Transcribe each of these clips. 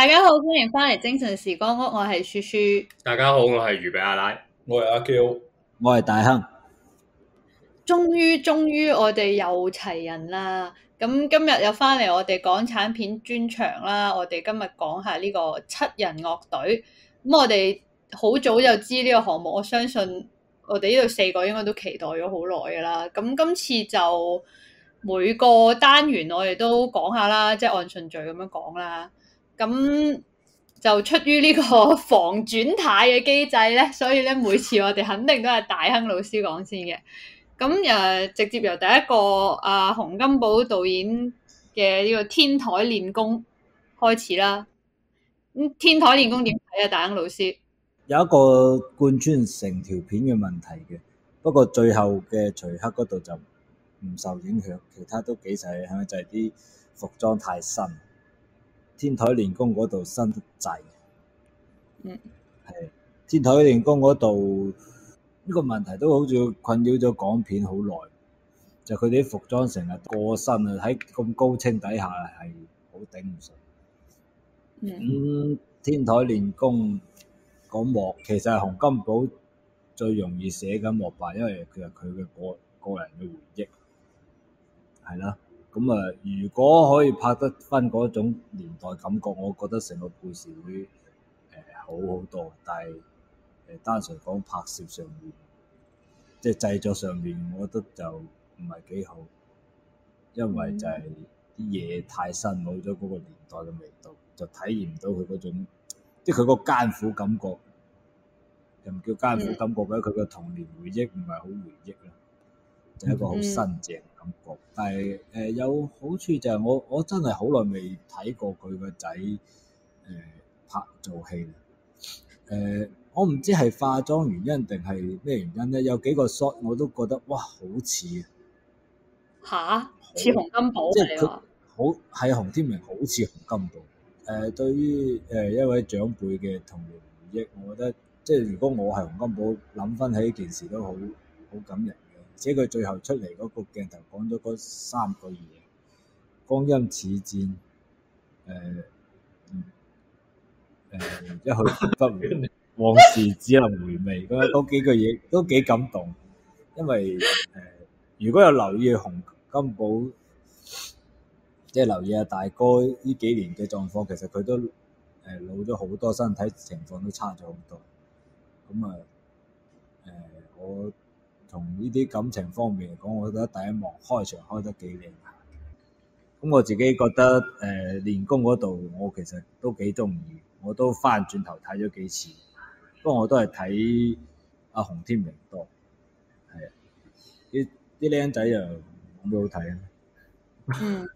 大家好，歡迎翻嚟《精神時光屋》，我係舒舒。大家好，我係魚餅阿奶，我係阿嬌，我係大亨。終於，終於，我哋又齊人啦。咁今日又翻嚟，我哋港產片專場啦。我哋今日講下呢個七人樂隊。咁我哋好早就知呢個項目，我相信我哋呢度四個應該都期待咗好耐噶啦。咁今次就每個單元我哋都講下啦，即係按順序咁樣講啦。咁就出於呢個防轉軚嘅機制咧，所以咧每次我哋肯定都係大亨老師講先嘅。咁誒，直接由第一個阿洪金寶導演嘅呢個天台練功開始啦。咁天台練功點睇啊？大亨老師有一個貫穿成條片嘅問題嘅，不過最後嘅徐克嗰度就唔受影響，其他都幾細，係咪就係啲服裝太新？天台練功嗰度新得滯，嗯，係天台練功嗰度呢個問題都好似困擾咗港片好耐，就佢哋啲服裝成日過身啊，喺咁高清底下係好頂唔順。咁的、嗯、天台練功嗰幕其實係洪金寶最容易寫緊幕吧，因為其實佢嘅個個人嘅回憶係啦。咁啊、嗯，如果可以拍得返嗰種年代感覺，我覺得成個故事會誒、呃、好好多。但係誒、呃、單純講拍攝上面，即係製作上面，我覺得就唔係幾好，因為就係啲嘢太新，冇咗嗰個年代嘅味道，就體驗唔到佢嗰種，即係佢嗰個艱苦感覺，又唔叫艱苦感覺㗎，佢個童年回憶唔係好回憶啊。就係一個好新淨嘅感覺，嗯、但係誒、呃、有好處就係我我真係好耐未睇過佢個仔誒拍做戲，誒、呃、我唔知係化妝原因定係咩原因咧，有幾個 shot 我都覺得哇好似啊吓，似洪金寶嚟喎，好係洪天明好似洪金寶。誒說、呃、對於誒、呃、一位長輩嘅童年回憶，我覺得即係、就是、如果我係洪金寶，諗翻起呢件事都好好感人。而且佢最後出嚟嗰個鏡頭講咗嗰三個嘢，光陰似箭，誒、呃、誒、呃、一去不回 往事只能回味。咁嗰 幾句嘢都幾感動，因為誒、呃，如果有留意洪金寶，即、就、係、是、留意阿大哥呢幾年嘅狀況，其實佢都誒老咗好多，身體情況都差咗好多。咁啊，誒、呃、我。從呢啲感情方面嚟講，我覺得第一幕開場開得幾靚。咁我自己覺得，誒、呃，練功嗰度我其實都幾中意，我都翻轉頭睇咗幾次。不過我都係睇阿洪天明多，係啊，啲啲僆仔又點好睇啊？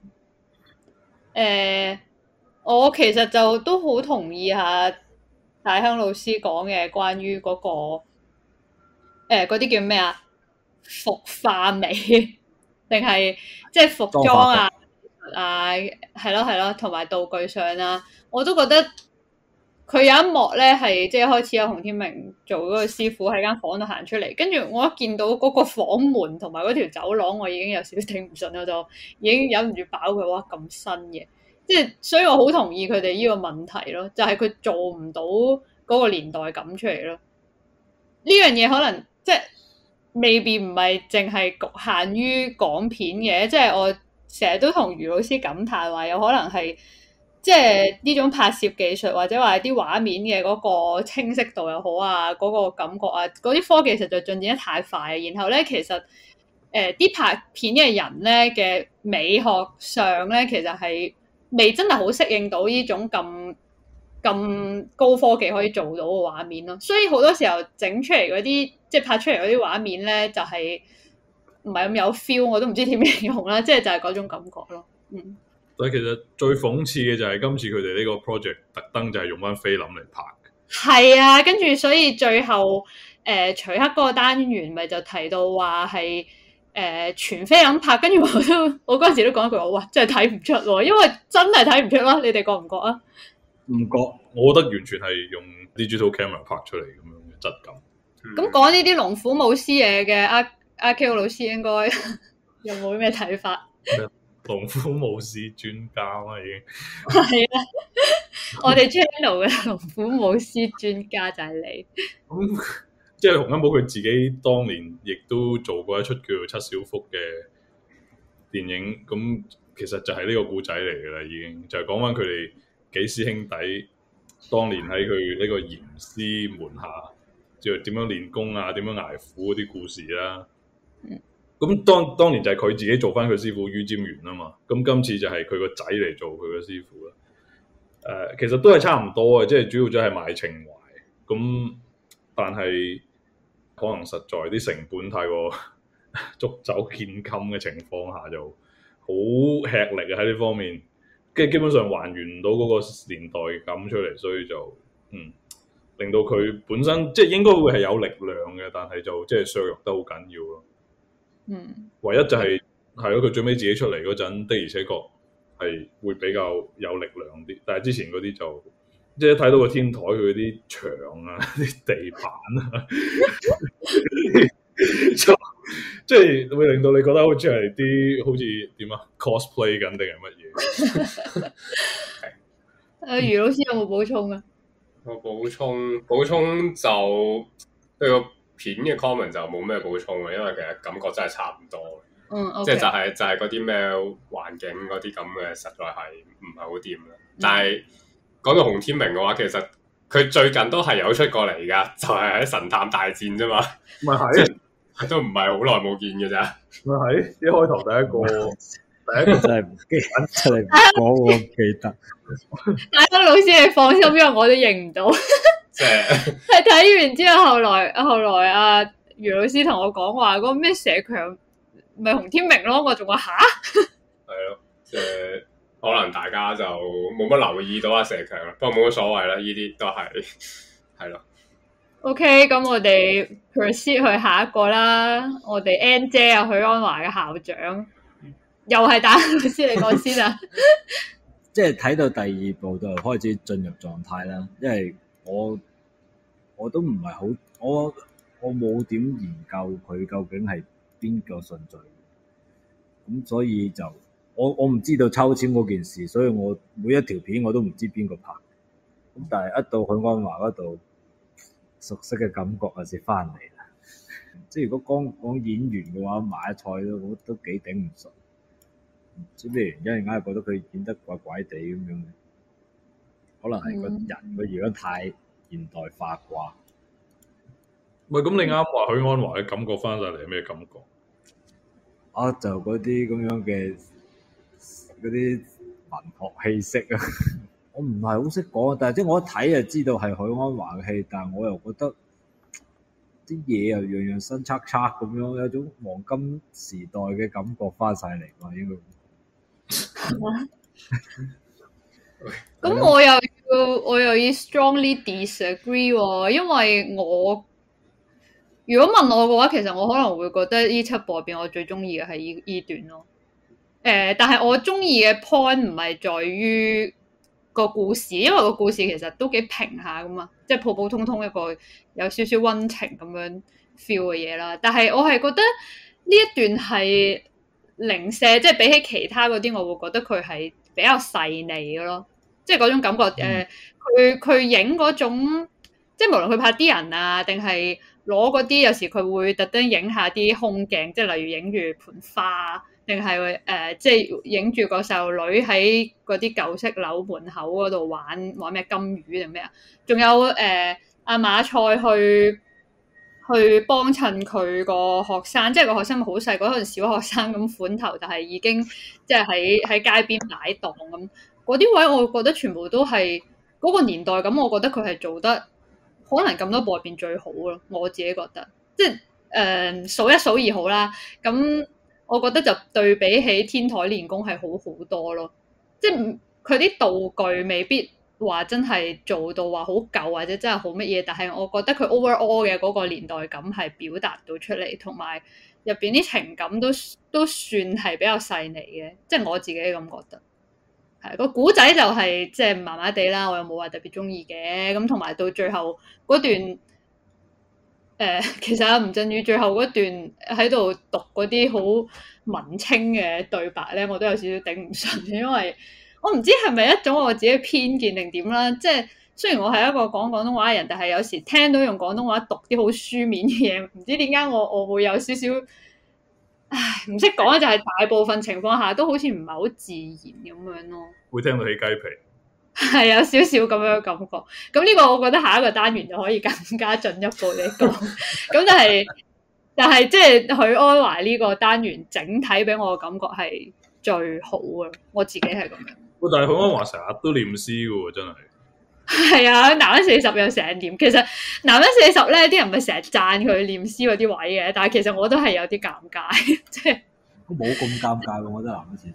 嗯，誒、呃，我其實就都好同意下大香老師講嘅關於嗰、那個，誒、呃，嗰啲叫咩啊？服化美， 定係即係服裝啊啊，係咯係咯，同埋、啊、道具上啊。我都覺得佢有一幕咧，係即係開始有洪天明做嗰個師傅喺間房度行出嚟，跟住我一見到嗰個房門同埋嗰條走廊，我已經有少少頂唔順，我就已經忍唔住爆佢話咁新嘅。即係所以我好同意佢哋呢個問題咯，就係、是、佢做唔到嗰個年代感出嚟咯。呢樣嘢可能即係。未必唔係淨係局限於港片嘅，即係我成日都同余老師感嘆話，有可能係即係呢種拍攝技術或者話啲畫面嘅嗰個清晰度又好啊，嗰個感覺啊，嗰啲科技實在進展得太快。然後咧，其實誒啲拍片嘅人咧嘅美學上咧，其實係未真係好適應到呢種咁咁高科技可以做到嘅畫面咯。所以好多時候整出嚟嗰啲。即係拍出嚟嗰啲畫面咧，就係唔係咁有 feel，我都唔知點形容啦。即係就係嗰種感覺咯。嗯。所以其實最諷刺嘅就係今次佢哋呢個 project 特登，就係用翻菲林嚟拍。係啊，跟住所以最後誒，徐克嗰個單元咪就提到話係誒全菲林拍，跟住我都我嗰陣時都講一句我話，真係睇唔出咯，因為真係睇唔出啦。你哋覺唔覺啊？唔覺，我覺得完全係用 digital camera 拍出嚟咁樣嘅質感。咁講呢啲龍虎武師嘢，嘅阿阿 Q 老師應該有冇咩睇法？龍虎武師專家啦，已經係啦、 啊，我哋 channel 嘅龍虎武師專家就係你。咁即係洪金寶佢自己當年亦都做過一齣叫做《七小福》嘅電影，咁其實就係呢個故仔嚟噶啦，已經就係講翻佢哋幾師兄弟當年喺佢呢個嚴師門下。即係點樣練功啊？點樣捱苦嗰啲故事啦、啊。咁當當年就係佢自己做返佢師傅于占元啊嘛。咁今次就係佢個仔嚟做佢嘅師傅啦。誒、呃，其實都係差唔多嘅，即係主要就係賣情懷。咁但係可能實在啲成本太過 捉襟見肘嘅情況下，就好吃力啊。喺呢方面，即係基本上還原唔到嗰個年代噉出嚟，所以就嗯。令到佢本身即係應該會係有力量嘅，但係就即係削弱得好緊要咯。嗯，唯一就係係咯，佢最尾自己出嚟嗰陣的，而且確係會比較有力量啲。但係之前嗰啲就即係睇到個天台佢啲牆啊、啲地板啊， 即係會令到你覺得好似係啲好似點 Cos 啊 cosplay 緊定係乜嘢？誒，余老師有冇補充啊？我補充補充就對、呢個片嘅 comment 就冇咩補充啦，因為其實感覺真係差唔多，嗯，即、okay。係就係、係、就係嗰啲咩環境嗰啲咁嘅，實在係唔係好掂啦。但係講到洪天明嘅話，其實佢最近都係有出過嚟㗎，就係喺《神探大戰》啫嘛，咪係、就係、都唔係好耐冇見嘅咋，咪係一開頭第一個。第一個真係唔記得，我記得。大 家、哎、老師你放心，因為我都認唔到。係 睇 完之後，後來後來阿、啊、余老師同我講話，嗰個咩社強，咪洪天明咯。我仲話吓，係、啊、咯，誒， 可能大家就冇乜留意到阿社強啦。不過冇乜所謂啦，呢啲都係係咯。OK，咁我哋 proceed 去下一個啦。我哋 Ann 姐啊，許安華嘅校長。又係打律師先，你講先啊！即係睇到第二部就開始進入狀態啦。因為我我都唔係好，我我冇點研究佢究竟係邊個順序，咁所以就我我唔知道抽籤嗰件事，所以我每一條片我都唔知邊個拍。咁但係一到許安華嗰度，熟悉嘅感覺又先翻嚟啦。即 係如果講講演員嘅話，買菜都都幾頂唔順。唔知咩原因而家係覺得佢演得怪怪地咁樣，可能係嗰人個樣太現代化啩。唔係咁，你啱啱話許鞍華嘅感覺翻晒嚟係咩感覺？啊，就嗰啲咁樣嘅嗰啲文學氣息啊。 我唔係好識講，但係即係我一睇就知道係許鞍華嘅戲，但係我又覺得啲嘢又樣樣新簇簇咁樣，有種黃金時代嘅感覺翻晒嚟。我應該。咁 我又要我又要 strongly disagree、喎、因為我如果問我嘅話，其實我可能會覺得呢七部入邊我最中意嘅係呢呢段咯。誒、呃，但係我中意嘅 point 唔係在於個故事，因為個故事其實都幾平下噶嘛，即係普普通通一個有少少溫情咁樣 feel 嘅嘢啦。但係我係覺得呢一段係。零舍即係比起其他嗰啲，我會覺得佢係比較細膩嘅咯，即係嗰種感覺誒，佢佢影嗰種即係無論佢拍啲人啊，定係攞嗰啲有時佢會特登影下啲空鏡，即係例如影住盆花，定係誒即係影住個細路女喺嗰啲舊式樓門口嗰度玩玩咩金魚定咩啊，仲有誒阿、呃、馬賽去。去幫襯佢個學生，即係個學生好細個，可能小學生咁款頭，就係已經即係喺喺街邊擺檔咁。嗰啲位我覺得全部都係嗰個年代咁，我覺得佢係做得可能咁多部入邊最好咯。我自己覺得即係誒、呃、數一數二好啦。咁我覺得就對比起天台練功係好好多咯。即係佢啲道具未必。話真係做到話好舊或者真係好乜嘢，但係我覺得佢 overall 嘅嗰個年代感係表達到出嚟，同埋入邊啲情感都都算係比較細膩嘅，即係我自己咁覺得。係個古仔就係即係麻麻地啦，我又冇話特別中意嘅。咁同埋到最後嗰段，誒、呃，其實阿吳鎮宇最後嗰段喺度讀嗰啲好文青嘅對白咧，我都有少少頂唔順，因為。我唔知係咪一種我自己偏見定點啦。即係雖然我係一個講廣東話嘅人，但係有時聽到用廣東話讀啲好書面嘅嘢，唔知點解我我會有少少唉，唔識講就係、是、大部分情況下都好似唔係好自然咁樣咯。會聽到起雞皮，係 有少少咁樣嘅感覺。咁呢個我覺得下一個單元就可以更加進一步嚟講。咁 就係、是、但係即係許鞍華呢個單元整體俾我嘅感覺係最好啊。我自己係咁樣。但係，許鞍華成日都念詩喎，真係係啊！男人四十又成點，其實男人四十咧，啲人咪成日讚佢念詩嗰啲位嘅。但係其實我都係有啲尷尬，即係冇咁尷尬，我覺得男人四十，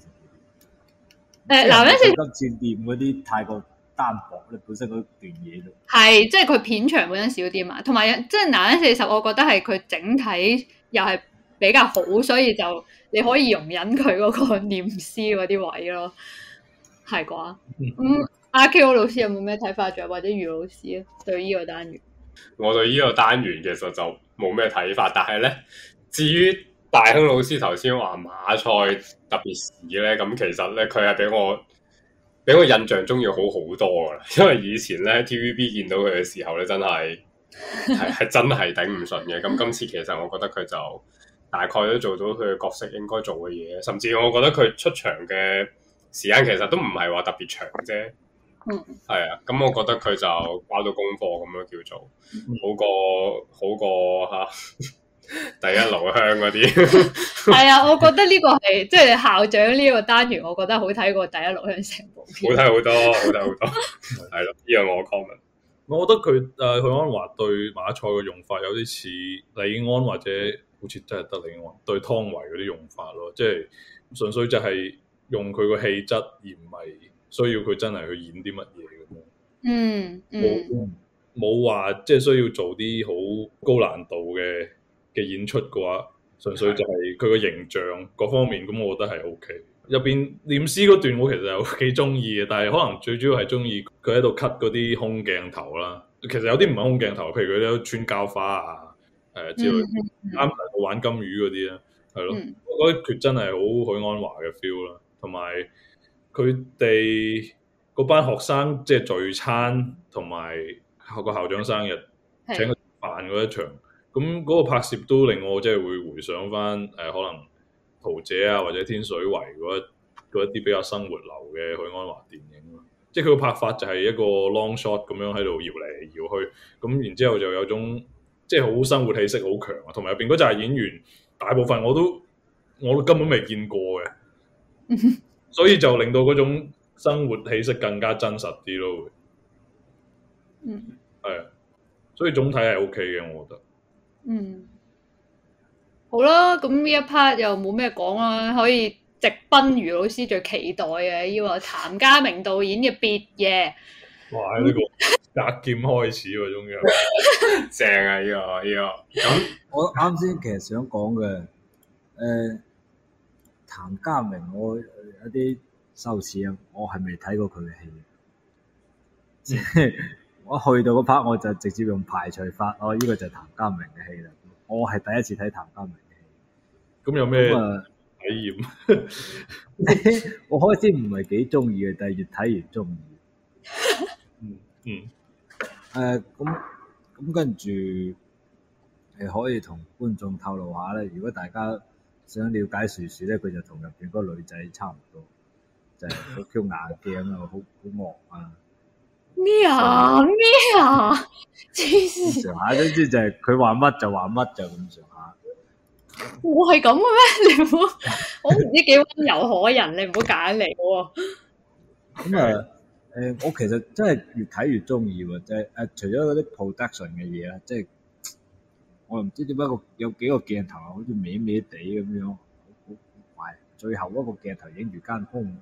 欸，誒男人四十念嗰啲太過單薄，你本身嗰段嘢咯，係即係佢片長本身少啲啊。同埋，即係男人四十，我覺得係佢整體又係比較好，所以就你可以容忍佢嗰個念詩嗰啲位咯。係啩？嗯，阿 Ko 老師有冇咩睇法？仲有或者余老師咧，對呢個單元，我對呢個單元其實就冇咩睇法。但係咧，至於大亨老師頭先話馬賽特別屎咧，咁其實咧，佢係俾我俾我印象中要好好多噶。因為以前咧 TVB 見到佢嘅時候咧， 真係係真係頂唔順嘅。咁今次其實我覺得佢就大概都做到佢嘅角色應該做嘅嘢，甚至我覺得佢出場嘅。時間其實都唔係話特別長啫，嗯，係啊，咁我覺得佢就包到功課咁咯，叫做好過好過哈、啊、第一爐香嗰啲，係 啊，我覺得呢個係即係校長呢個單元，我覺得好睇過第一爐香成部片，好睇好多，好睇好多，係咯、 啊，呢個我嘅 comment。我覺得佢誒佢鞍華對馬賽嘅用法有啲似李安或者好似真係得李安對湯唯嗰啲用法咯，即係純粹就係、是。用佢個氣質，而唔係需要佢真係去演啲乜嘢咁咯。嗯、mm，冇冇話即係需要做啲好高難度嘅嘅演出嘅話，純粹就係佢個形象各方面咁，的面我覺得係 OK。入邊念詩嗰段我其實有幾中意嘅，但係可能最主要係中意佢喺度 cut 嗰啲空鏡頭啦。其實有啲唔係空鏡頭，譬如佢啲穿膠花啊，誒之類，啱好、 啊、玩金魚嗰啲啦，係咯。Mm hmm. 我覺得佢真係好許安華嘅 feel 啦。同埋佢哋嗰班學生即係聚餐，同埋個校長生日請佢食飯嗰一場。咁嗰個拍攝都令我即係會回想返誒、呃，可能《桃姐》啊，或者天水圍嗰一啲比較生活流嘅許安華電影咯。即係佢個拍法就係一個 long shot 咁樣喺度搖嚟搖去，咁然之後就有種即係好生活氣息好強啊。同埋入邊嗰陣演員大部分我都我都根本未見過嘅。 所以就令到嗰種生活氣息更加真實啲咯，嗯，係 ，所以總體係 OK 嘅，我覺得， 嗯，好啦，咁呢一 part 又冇咩講啦，可以直奔余老師最期待嘅，依個譚家明導演嘅別夜，哇，呢、這個格劍開始喎，終於， 正啊，依個依個，這個、我啱先其實想講嘅，誒、呃。譚家明，我有一啲羞恥啊！我係未睇過佢嘅戲，即係我去到嗰 part，我就直接用排除法，哦，呢、這個就係譚家明嘅戲啦。我係第一次睇譚家明嘅戲，咁、嗯、有咩體驗？嗯、 我開始唔係幾中意嘅，但係越睇越中意。嗯嗯，誒、uh, 嗯，咁咁跟住，係可以同觀眾透露下咧，如果大家。想了解薯薯咧，佢就同入邊嗰個女仔差唔多， 就係 QQ 眼鏡啊，好好惡啊！咩啊咩啊，黐線！上下都知，就係佢話乜就話乜就咁上下。我係咁嘅咩？你好，我唔知幾温柔可人，你唔好揀嚟喎。咁啊，誒、啊，我其實真係越睇越中意，即係誒，除咗嗰啲 production 嘅嘢啦，即係。我唔知點解個有幾個鏡頭啊，好似歪歪地咁樣，好快。最後一個鏡頭影住間空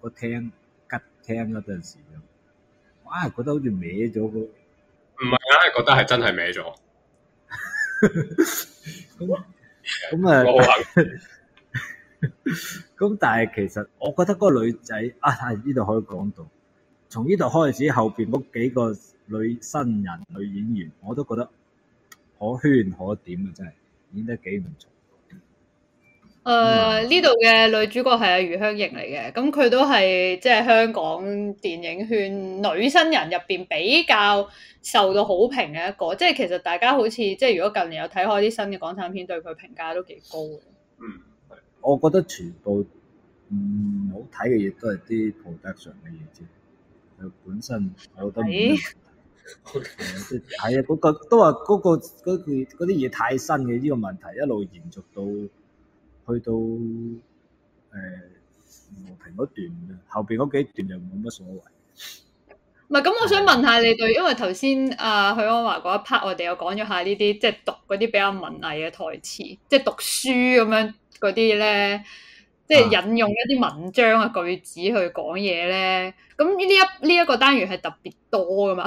個廳吉廳嗰陣時，哇，覺得好似歪咗嗰個。唔係，啊，硬係覺得係真係歪咗。咁咁啊，咁但係其實我覺得嗰個女仔啊，呢度可以講到，從呢度開始後邊嗰幾個女新人、女演員，我都覺得。可圈可點啊，真係演得幾唔錯。誒，呢度嘅女主角係阿余香凝嚟嘅，咁佢都係即係香港電影圈女新人入邊比較受到好評嘅一個。即係其實大家好似即係如果近年有睇開啲新嘅港產片，對佢評價都幾高嘅。嗯，我覺得全部唔、嗯、好睇嘅嘢都係啲 production 嘅嘢啫，佢本身有得。係啊， 嗯就是嗰個都話嗰、嗰個嗰句嗰啲嘢太新嘅呢、呢個問題，一路延續到去到誒、呃、和平嗰段嘅後邊嗰幾段又冇乜所謂。唔係咁，我想問下你對，因為頭先阿許安華嗰一 part，我哋又講咗下呢啲即係讀嗰啲比較文藝嘅台詞，即、就、係、是、讀書咁樣嗰啲咧，即、就、係、是、引用一啲文章啊句子去講嘢咧。咁呢一呢一個單元係特別多㗎嘛？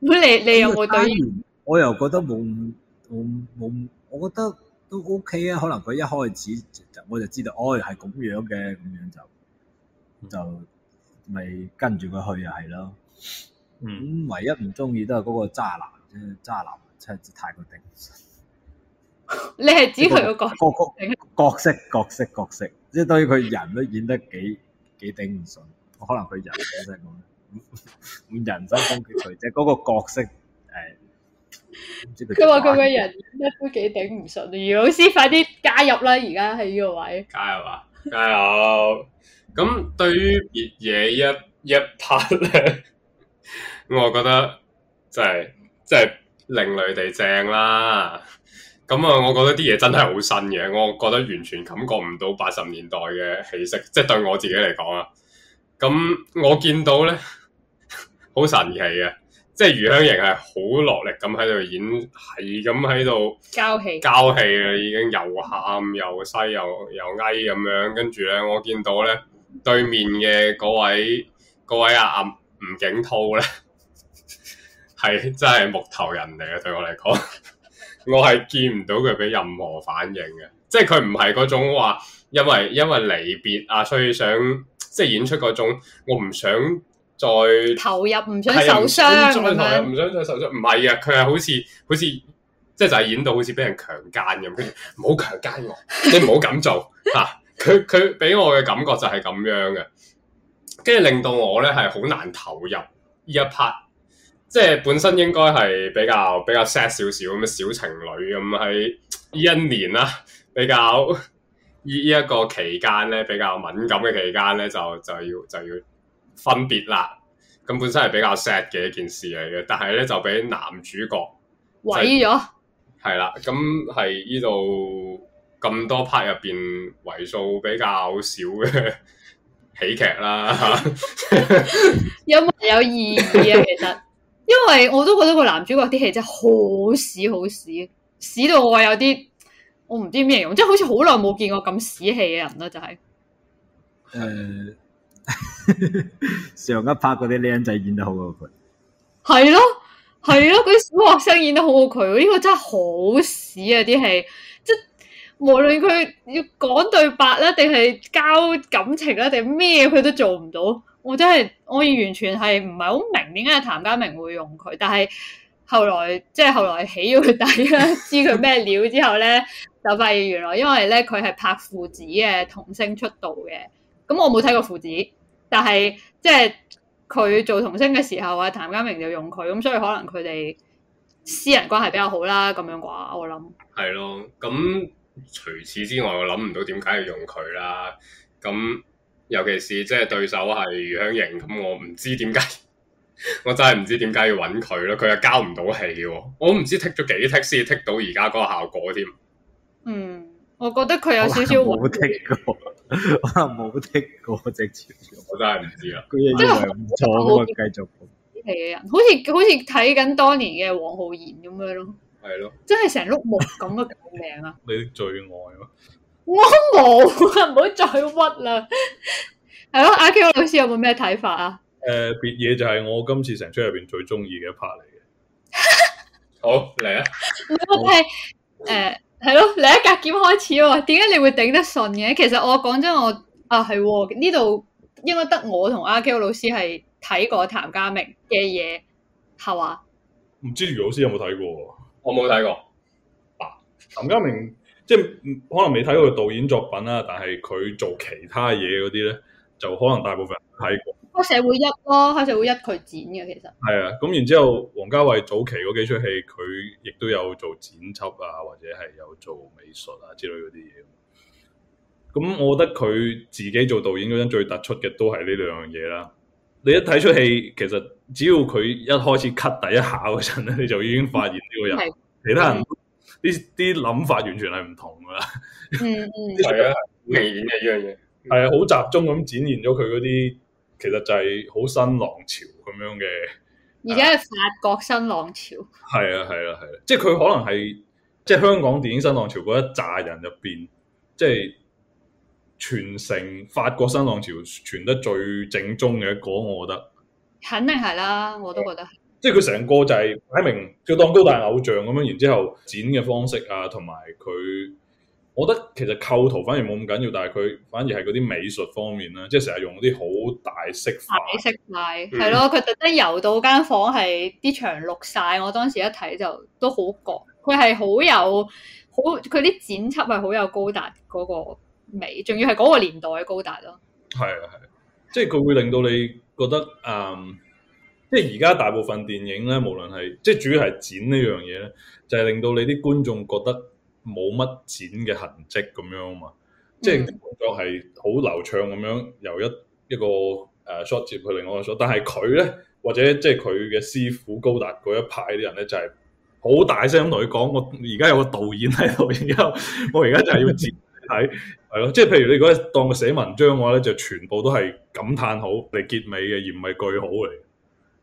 咁你你又冇對？我又覺得冇冇冇，我覺得都 OK 啊。可能佢一開始我就知道，哦、哎，係咁樣嘅咁樣，樣就就咪跟住佢去就係咯。咁、嗯、唯一唔中意都係嗰個渣男，渣男真係太過頂唔順。你係指佢、這個個，個角色？角色角色角色，即係對於佢人都演得幾幾 頂唔順。可能佢人真係冇。咁 人生終結者嗰個角色，誒，佢話佢個人一般幾頂唔順啊？老師快啲加入啦！而家喺呢個位加入啊！加油！咁對於熱嘢一一拍咧， 我覺得真係真係另類地正啦。咁啊，我覺得啲嘢真係好新嘅，我覺得完全感覺唔到八十年代嘅氣息，即係對我自己嚟講啊。咁我見到咧。好神奇嘅，即係余香凝係好落力咁喺度演，係咁喺度交戲氣，交戲啦已經又，又喊又細又又哀咁樣。跟住咧，我見到咧對面嘅嗰位嗰位阿阿吳景濤咧，係 真係木頭人嚟嘅。對我嚟講， 我係見唔到佢俾任何反應嘅，即係佢唔係嗰種話，因為因為離別啊，所以想即係演出嗰種，我唔想。再投入唔想受傷，再投入唔想再受傷，唔係啊！佢係好似好似即係就係、是、演到好似俾人強姦咁，唔 好強姦我，你唔好咁做嚇！佢佢俾我嘅感覺就係咁樣嘅，跟住令到我咧係好難投入呢一 part，即係本身應該係比較比較 sad 少少咁嘅小情侶咁喺呢一年啦、啊，比較呢呢一個期間咧比較敏感嘅期間咧就就要就要。就要就要分別啦，咁本身係比較 sad 嘅一件事嚟嘅，但係咧就俾男主角毀咗，係啦，咁係呢度咁多 part 入邊為數比較少嘅喜劇啦，有冇有意義啊？其實， 因為我都覺得個男主角啲戲真係好屎好屎，屎到我有啲我唔知咩樣，即係好似好耐冇見過咁屎氣嘅人啦，就係誒。Uh 上一拍嗰啲靚仔演得好過佢，係咯係咯，嗰啲小學生演得好過佢，呢個真係好屎啊！啲戲即係無論佢要講對白啦，定係交感情啦，定咩佢都做唔到。我真係我完全係唔係好明點解譚家明會用佢，但係後來即係後來起咗佢底啦，知佢咩料之後咧， 就發現原來因為咧佢係拍父子嘅童星出道嘅，咁我冇睇過父子。但係即係佢做童星嘅時候啊，譚家明就用佢，咁所以可能佢哋私人關係比較好啦，咁樣嘅話，我諗係咯。咁除此之外，我諗唔到點解要用佢啦。咁尤其是即係對手係余香凝，咁我唔知點解，我真係唔知點解要揾佢咯。佢又交唔到戲喎，我唔知剔咗幾剔先剔到而家嗰個效果添。嗯，我覺得佢有少少好剔。我冇的嗰隻字，我真係唔知啊。佢認為唔錯，咁啊繼續講。啲嚟嘅人，好似好似睇緊當年嘅黃浩然咁樣咯。係咯了，真係成碌木咁嘅狗命啊！ 你的最愛咯，我冇啊！唔好再屈啦。係咯，阿 k 老師有冇咩睇法啊？誒、呃，別嘢就係我今次成出入邊最中意嘅一 part 嚟嘅。好嚟啊！係誒。係咯，你一格劍開始喎，點解你會頂得順嘅？其實我講真，我啊係呢度應該得我同阿 K 老師係睇過譚家明嘅嘢，係嘛？唔知余老師有冇睇過？我冇睇過。啊，譚家明即係可能未睇過導演作品啦，但係佢做其他嘢嗰啲咧。就可能大部分人睇過，黑社會一咯，黑社會一佢剪嘅其實係啊，咁然之後，王家衛早期嗰幾出戲，佢亦都有做剪輯啊，或者係有做美術啊之類嗰啲嘢。咁我覺得佢自己做導演嗰陣最突出嘅都係呢兩樣嘢啦。你一睇出戲，其實只要佢一開始 cut 第一下嗰陣咧，你就已經發現呢個人， 其他人啲啲諗法完全係唔同噶啦。嗯 嗯，係 啊，好明顯嘅呢樣嘢。係啊，好集中咁展現咗佢嗰啲，其實就係好新浪潮咁樣嘅。而家係法國新浪潮。係啊，係啦，係，即係佢可能係，即係香港電影新浪潮嗰一紮人入邊，即係傳承法國新浪潮傳得最正宗嘅一個，我覺得。肯定係啦，我都覺得。即係佢成個就係擺明叫當高大偶像咁樣，然之後剪嘅方式啊，同埋佢。我覺得其實構圖反而冇咁緊要，但係佢反而係嗰啲美術方面咧，即係成日用嗰啲好大色塊，大色塊係咯。佢、嗯、特登油到間房係啲牆綠晒，我當時一睇就都好覺。佢係好有好佢啲剪輯係好有高達嗰個美，仲要係嗰個年代嘅高達咯。係啊係，即係佢會令到你覺得，嗯，即係而家大部分電影咧，無論係即係主要係剪呢樣嘢咧，就係、是、令到你啲觀眾覺得。冇乜剪嘅痕跡咁樣啊嘛，即係就係好流暢咁樣由一一個誒 shot 接佢另外一個 shot 但係佢咧或者即係佢嘅師傅高達嗰一派啲人咧就係、是、好大聲同佢講，我而家有個導演喺度，然之後我而家就係要接睇係咯，即係譬如你如果當佢寫文章嘅話咧，就全部都係感嘆號，嚟結尾嘅，而唔係句號嚟。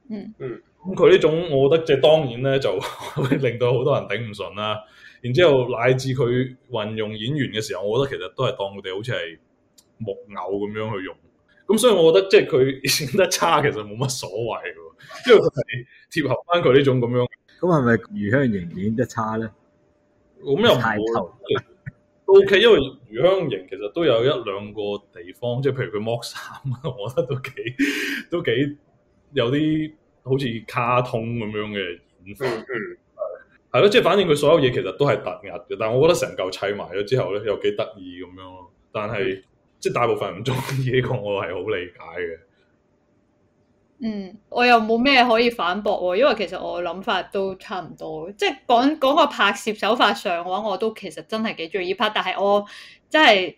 嗯嗯，咁佢呢種我覺得即係當然咧就會令到好多人頂唔順啦。然之後，乃至佢運用演員嘅時候，我覺得其實都係當佢哋好似係木偶咁樣去用。咁所以，我覺得即係佢演得差，其實冇乜所謂嘅，因為佢係貼合翻佢呢種咁樣。咁係咪余香凝演得差咧？咁又冇都 OK， 因為余香凝其實都有一兩個地方，即係譬如佢剝衫，我覺得都幾都幾有啲好似卡通咁樣嘅元係咯，即係反正佢所有嘢其實都係突兀嘅，但係我覺得成嚿砌埋咗之後咧，又幾得意咁樣咯。但係即係大部分唔中意呢個，我係好理解嘅。嗯，我又冇咩可以反駁，因為其實我諗法都差唔多。即係講講個拍攝手法上嘅話，我都其實真係幾中意拍。但係我真係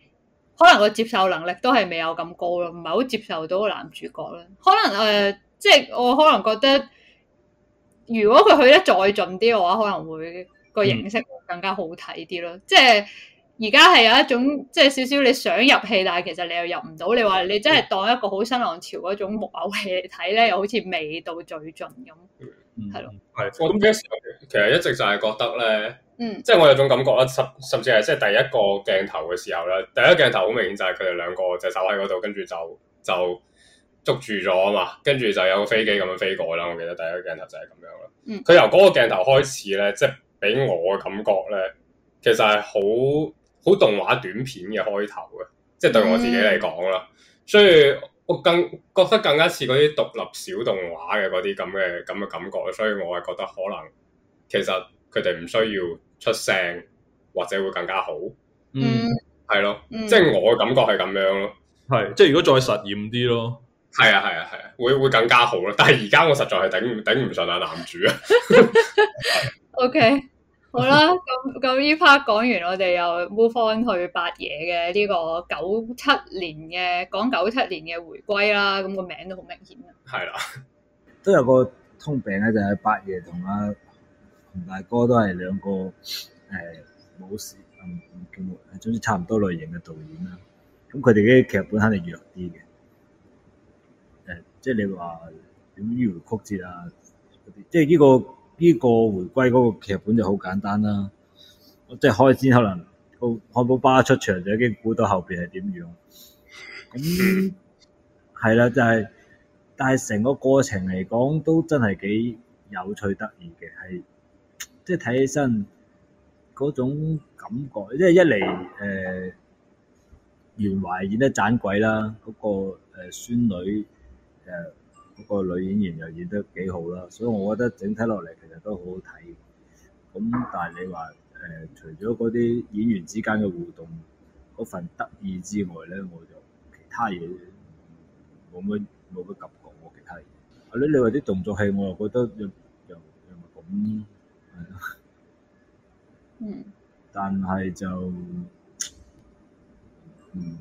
可能個接受能力都係未有咁高咯，唔係好接受到個男主角咧。可能誒，即係我可能覺得。如果佢去得再盡啲嘅話，可能會個形式會更加好睇啲咯。嗯、即係而家係有一種，即係少少你想入戲，但係其實你又入唔到。你話你真係當一個好新浪潮嗰種木偶戲嚟睇咧，又好似未到最盡咁，係、嗯、咯。係，我咁時候其實一直就係覺得咧，嗯，即係我有種感覺啦。甚甚至係即係第一個鏡頭嘅時候咧，第一鏡頭好明顯就係佢哋兩個就坐喺嗰度，跟住就就。就捉住咗啊嘛，跟住就有個飛機咁樣飛過啦。我記得第一個鏡頭就係咁樣啦。佢由嗰個鏡頭開始咧，即係俾我嘅感覺咧，其實係好好動畫短片嘅開頭嘅，即係對我自己嚟講啦。嗯、所以，我更覺得更加似嗰啲獨立小動畫嘅嗰啲咁嘅咁嘅感覺。所以我係覺得可能其實佢哋唔需要出聲，或者會更加好。嗯，係咯，嗯、即係我嘅感覺係咁樣咯。係，即係如果再實驗啲咯。係啊，係啊，係啊，啊，會會更加好咯。但係而家我實在係頂頂唔順啊，男主啊。 o、okay, K，好啦，咁咁呢 part 講完，我哋又 move 翻去八爺嘅呢個九七年嘅講九七年嘅回歸啦。咁個名都好明顯啊。係啦、啊， 都有個通病咧，就係、是、八爺同阿洪大哥都係兩個誒冇、呃、事，唔、呃、唔總之差唔多類型嘅導演啦。咁佢哋嘅劇本肯定弱啲嘅。即係你話點迂迴曲折啊！即係、這、呢個呢、這個回歸嗰個劇本就好簡單啦、啊。即係開先可能個漢堡巴出場，就已經估到後邊係點樣咁係啦。就係、是、但係成個過程嚟講，都真係幾有趣得意嘅，係即係睇起身嗰種感覺。即係一嚟誒、呃、元華演得盞鬼啦，嗰、那個誒、呃、孫女。誒嗰、呃那個女演員又演得幾好啦，所以我覺得整體落嚟其實都好好睇。咁但係你話誒、呃，除咗嗰啲演員之間嘅互動嗰份得意之外咧，我就其他嘢冇乜冇乜感覺。我其他嘢啊，咧你話啲動作戲我又覺得又又又咪咁係咯，嗯，但係就嗯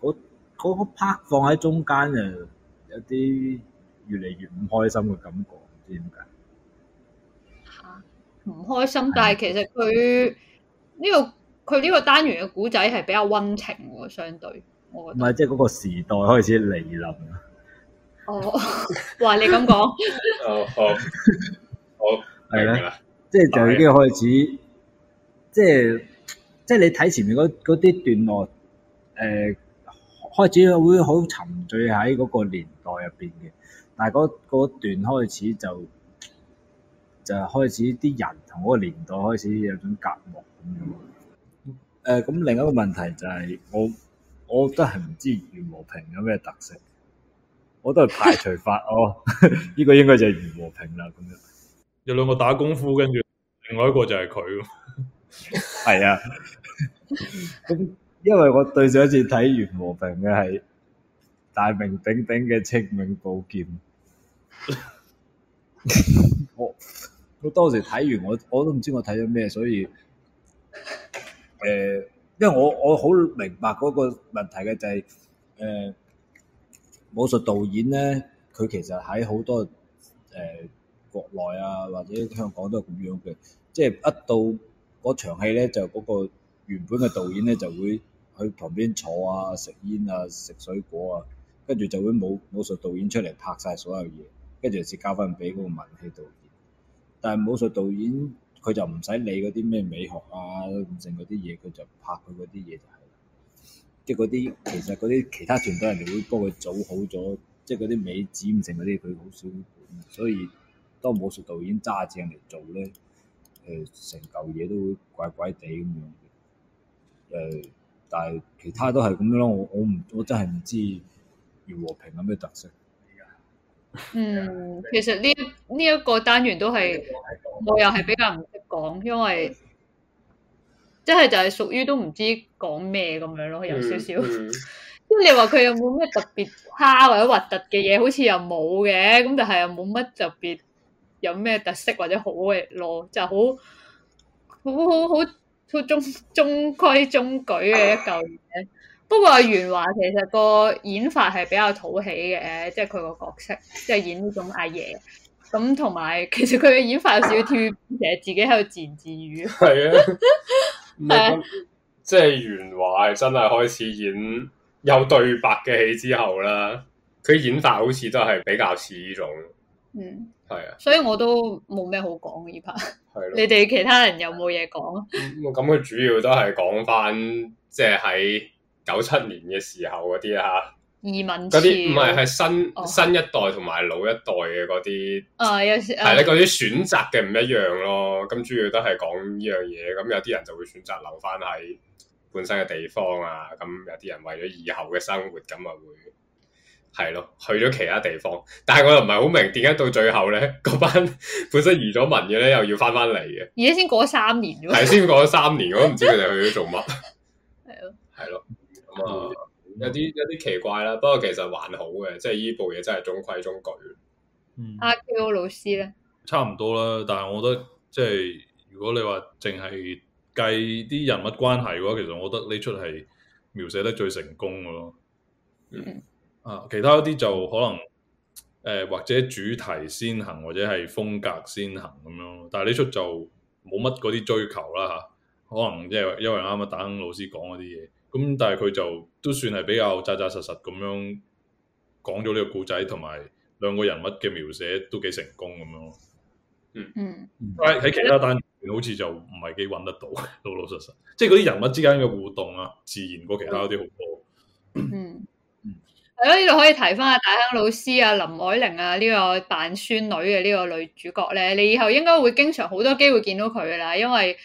嗰個 part 放喺中間就。有啲越嚟越唔開心嘅感覺，唔知點解。嚇、啊！唔開心，但係其實佢呢、呢個佢呢個單元嘅古仔係比較溫情，相對我覺得。唔係，即係嗰個時代開始嚟臨啦。哦，哇！你咁講，哦哦，我係咧，即係就已經開始，是即係即係你睇前面嗰啲段落，誒、呃。開始會好沉醉喺嗰個年代入邊嘅，但係嗰、那個那個、段開始就就開始啲人同嗰個年代開始有種隔膜咁樣。誒、呃，咁另一個問題就係、是、我我真係唔知袁和平有咩特色，我都係排除法 哦、呢、這個應該就係袁和平啦咁樣。有兩個打功夫，跟住另外一個就係佢。係 是啊。 因為我對上一次睇袁和平嘅係大名鼎鼎嘅《青冥寶劍》 我，我我當時睇完我我都唔知我睇咗咩，所以誒、呃，因為我我好明白嗰個問題嘅就係、是、誒、呃、武術導演咧，佢其實喺好多誒、呃、國內啊或者香港都係咁樣嘅，即、就、係、是、一到嗰場戲咧，就嗰個原本嘅導演咧就會。去旁邊坐啊，食煙啊，食水果啊，跟住就會武武術導演出嚟拍晒所有嘢，跟住就交翻俾嗰個文戲導演，但係武術導演佢就唔使理嗰啲咩美學啊，整嗰啲嘢，佢就拍佢嗰啲嘢就係。即係嗰啲其實嗰啲其他團隊人哋會幫佢組好咗，即係嗰啲美剪成嗰啲，佢好少。所以當武術導演揸正嚟做咧，誒成嚿嘢都會怪怪地咁樣，誒、呃。但係其他都係咁樣咯，我我唔我真係唔知袁和平有咩特色。嗯，其實呢一呢一個單元都係，我又係比較唔識講，因為即係就係屬於都唔知講咩咁樣咯，有少少。咁你話佢有冇咩特別差或者核突嘅嘢？好似又冇嘅，咁但係又冇乜特別，有咩特色或者好嘅咯？就好、是，好好好。都中中規中矩嘅一嚿嘢，不過阿袁華其實個演法係比較土氣嘅，即係佢個角色即係、就是、演呢種阿爺咁，同埋其實佢嘅演法有少少 TVB，自己喺度自言自語。係 啊，係即係袁華係真係開始演有對白嘅戲之後啦，佢演法好似都係比較似呢種。嗯。係啊，所以我都冇咩好講呢排，係咯，的 你哋其他人有冇嘢講？咁佢主要都係講翻，即係喺九七年嘅時候嗰啲啊，移民嗰啲唔係係新、哦、新一代同埋老一代嘅嗰啲啊，有時係你嗰啲選擇嘅唔一樣咯。咁主要都係講呢樣嘢。咁有啲人就會選擇留翻喺本身嘅地方啊。咁有啲人為咗以後嘅生活，咁啊會。係咯，去咗其他地方，但係我又唔係好明點解到最後咧，嗰班本身移咗民嘅咧，又要翻翻嚟嘅。而家先過咗三年，係先過咗三年，我都唔知佢哋去咗做乜。係咯，係咯，咁啊、嗯嗯，有啲有啲奇怪啦。不過其實還好嘅，即係呢部嘢真係中規中矩。阿 Q、啊、老師咧，差唔多啦。但係我覺得，即係如果你話淨係計啲人物關係嘅話，其實我覺得呢出係描寫得最成功嘅咯。嗯。啊！其他啲就可能誒、呃，或者主題先行，或者係風格先行咁樣。但係呢出就冇乜嗰啲追求啦吓，啊。可能即係因為啱啱等老師講嗰啲嘢，咁但係佢就都算係比較扎扎實實咁樣講咗呢個故仔，同埋兩個人物嘅描寫都幾成功咁樣。嗯嗯，但係喺其他單元好似就唔係幾揾得到，老老實實，即係嗰啲人物之間嘅互動啊，自然過其他啲好多。嗯嗯。嗯嗯係咯，呢度、嗯、可以提翻阿大香老師啊，林愷鈴啊呢、呢個扮孫女嘅呢個女主角咧，你以後應該會經常好多機會見到佢啦，因為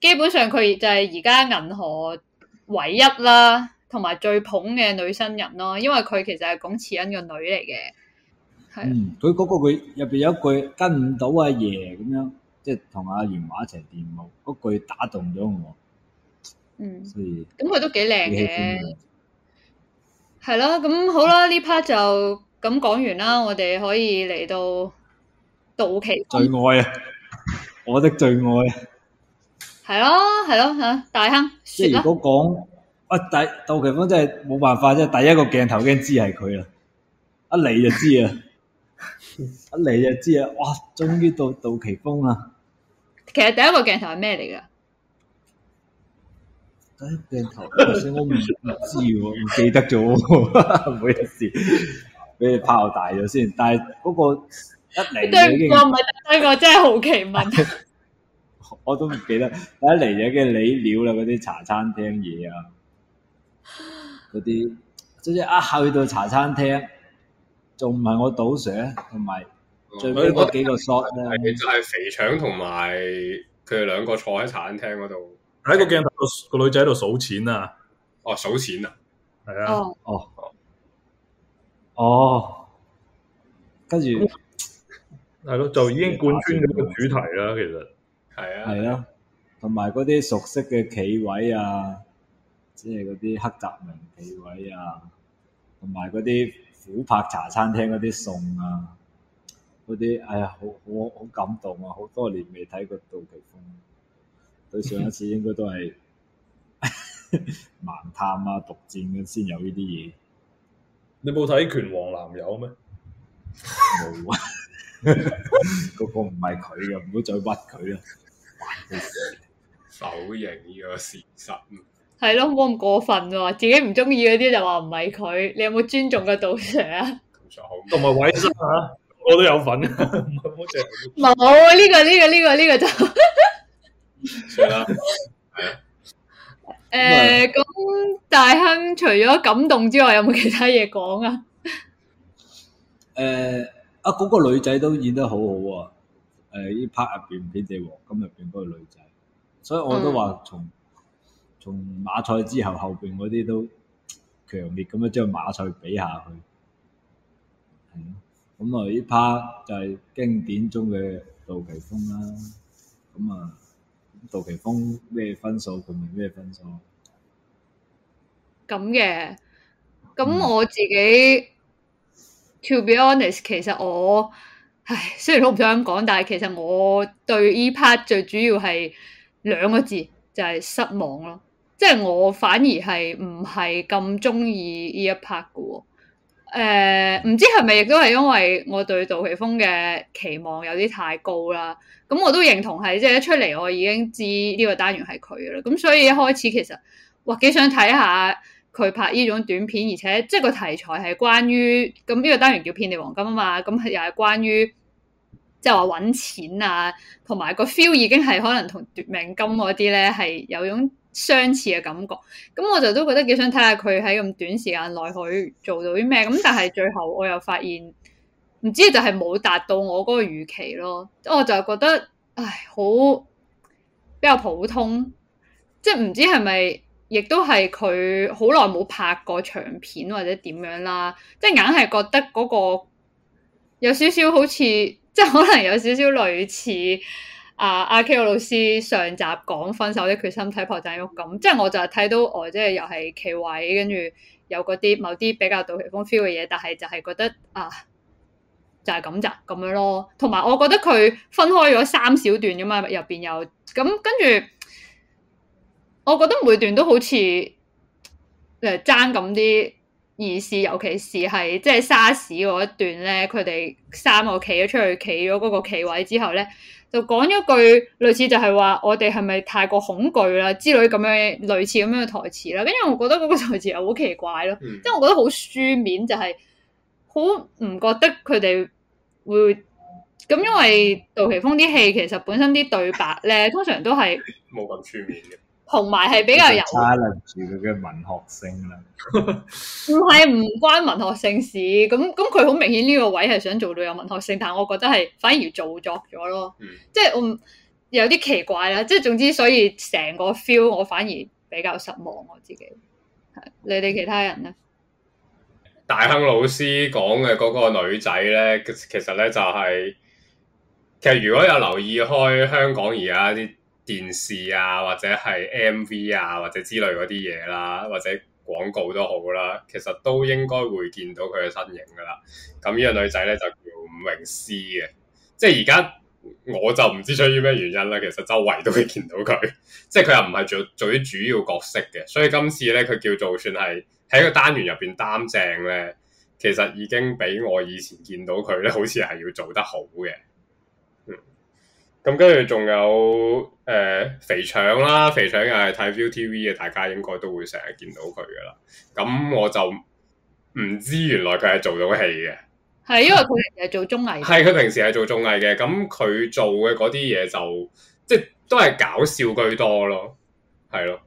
基本上佢就係而家銀河唯一啦，同埋最捧嘅女新人咯，因為佢其實係龔慈恩個女嚟嘅。嗯，佢嗰個佢入邊有一句跟唔到阿爺咁樣，即係同阿元華一齊練舞，嗰句打動咗我。嗯。所以。咁佢、嗯嗯嗯、都幾靚嘅。氣氣係咯，咁好啦，呢 part 就咁講完啦，我哋可以嚟到杜琪峰。最愛啊，我的最愛啊。係咯係咯吓，大亨，即係如果講，哇、啊、第杜琪峰真係冇辦法即啫，第一個鏡頭已經知係佢啦，一嚟就知啊， 一嚟就知啊，哇，終於到杜琪峰啦。其實第一個鏡頭係咩嚟噶？哎，鏡 頭，頭先我唔知喎，唔記得咗喎，唔好 意思，俾你炮大咗先。但係嗰個一嚟已經，我唔係，我真係好奇問， 我都唔記得。第一嚟就嘅你料啦，嗰啲茶餐廳嘢、就是、啊，嗰啲即係一去到茶餐廳，仲唔係我倒水，同埋最尾嗰幾個 shot 呢、那個那個、就係肥腸同埋佢哋兩個坐喺茶餐廳嗰度。喺個鏡頭，個女仔喺度數錢啊！哦，數錢啊，係啊，哦，哦，哦，跟住係咯，就已經貫穿咗個主題啦。其實係啊，係啊。同埋嗰啲熟悉嘅企位啊，即係嗰啲黑澤明企位啊，同埋嗰啲虎柏茶餐廳嗰啲餸啊，嗰啲哎呀，好好好，好感動啊！好多年未睇過杜琪峰。對， 上一次應該都係 盲探啊、毒戰咁先有呢啲嘢。你冇睇拳王男友咩？冇 啊沒有！嗰 個唔係佢嘅，唔好再屈佢啦。否型呢個事實，係咯，冇咁過分喎、啊。自己唔中意嗰啲就話唔係佢，你有冇尊重個杜 Sir 啊？杜 Sir 同埋韋生啊！ 我都有份嘅 別謝，冇冇借？啊、這個這個！呢個呢個呢個呢個就。 係 啦， 誒，咁、uh, 大亨除咗感動之外，有冇其他嘢講啊？誒，啊，嗰個女仔都演得好好啊。誒、呃，呢 part 入邊遍地黃金入邊都係女仔，所以我都話從從馬賽之後後邊嗰啲都強烈咁樣將馬賽比下去。咁啊，呢、嗯、part 就係經典中嘅杜琪峰啦。咁啊。嗯嗯嗯杜琪峰咩分手，佢咪咩分手？咁嘅，咁我自己、嗯，To be honest，其實我，唉，雖然我唔想講，但係其實我對依 part 最主要係兩個字，就係、是、失望咯。即、就、係、是、我反而係唔係咁中意呢一 part 嘅喎。誒唔、uh, 知係咪亦都係因為我對杜琪峰嘅期望有啲太高啦，咁我都認同係即係一出嚟我已經知呢個單元係佢嘅啦，咁所以一開始其實哇幾想睇下佢拍呢種短片，而且即係個題材係關於，咁呢個單元叫遍地黃金啊嘛，咁又係關於即係話揾錢啊，同埋個 feel 已經係可能同奪命金嗰啲咧係有種。相似嘅感覺，咁我就都覺得幾想睇下佢喺咁短時間內可以做到啲咩，咁但係最後我又發現唔知就係冇達到我嗰個預期咯，我就覺得唉，好比較普通，即係唔知係咪亦都係佢好耐冇拍過長片或者點樣啦，即係硬係覺得嗰個有少少好似，即係可能有少少類似。阿阿 Ko 老師上集講分手的決心睇破殘肉咁，即係我就係睇到我即係又係企位，跟住有嗰啲某啲比較杜琪峯 feel 嘅嘢，但係就係覺得啊，就係咁咋，咁樣咯。同埋我覺得佢分開咗三小段咋嘛，入邊有咁，跟住，我覺得每段都好似誒爭咁啲意思，尤其是係即係沙士嗰一段咧，佢哋三個企咗出去，企咗嗰個企位之後咧。就講咗句類似就係話，我哋係咪太過恐懼啦之類咁樣，類似咁樣嘅台詞啦，跟住我覺得嗰個台詞又好奇怪咯，即係我覺得好書面，就係好唔覺得佢哋會咁。嗯、因為杜琪峰啲戲其實本身啲對白咧，通常都係冇咁書面嘅。同埋係比較有，撐得住佢嘅文學性啦。唔係唔關文學性事，咁咁佢好明顯呢個位係想做到有文學性，但係我覺得係反而做作咗咯。即係我有啲奇怪啦。即係總之，所以成個 feel 我反而比較失望。我自己，你哋其他人咧，大亨老師講嘅嗰個女仔咧，其實咧就係、是、其實如果有留意開香港而家啲。電視啊，或者係 MV 啊，或者之類嗰啲嘢啦，或者廣告都好啦，其實都應該會見到佢嘅身影噶啦。咁呢個女仔咧就叫伍詠詩嘅，即係而家我就唔知出於咩原因啦。其實周圍都會見到佢，即係佢又唔係做做啲主要角色嘅，所以今次咧佢叫做算係喺個單元入邊擔正咧，其實已經比我以前見到佢咧，好似係要做得好嘅。咁跟住仲有誒、呃、肥腸啦，肥腸又係睇 ViuTV 嘅，大家應該都會成日見到佢噶啦。咁我就唔知原來佢係做到戲嘅，係因為佢平時係做綜藝，係佢平時係做綜藝嘅。咁佢做嘅嗰啲嘢就即係都係搞笑居多咯，係咯。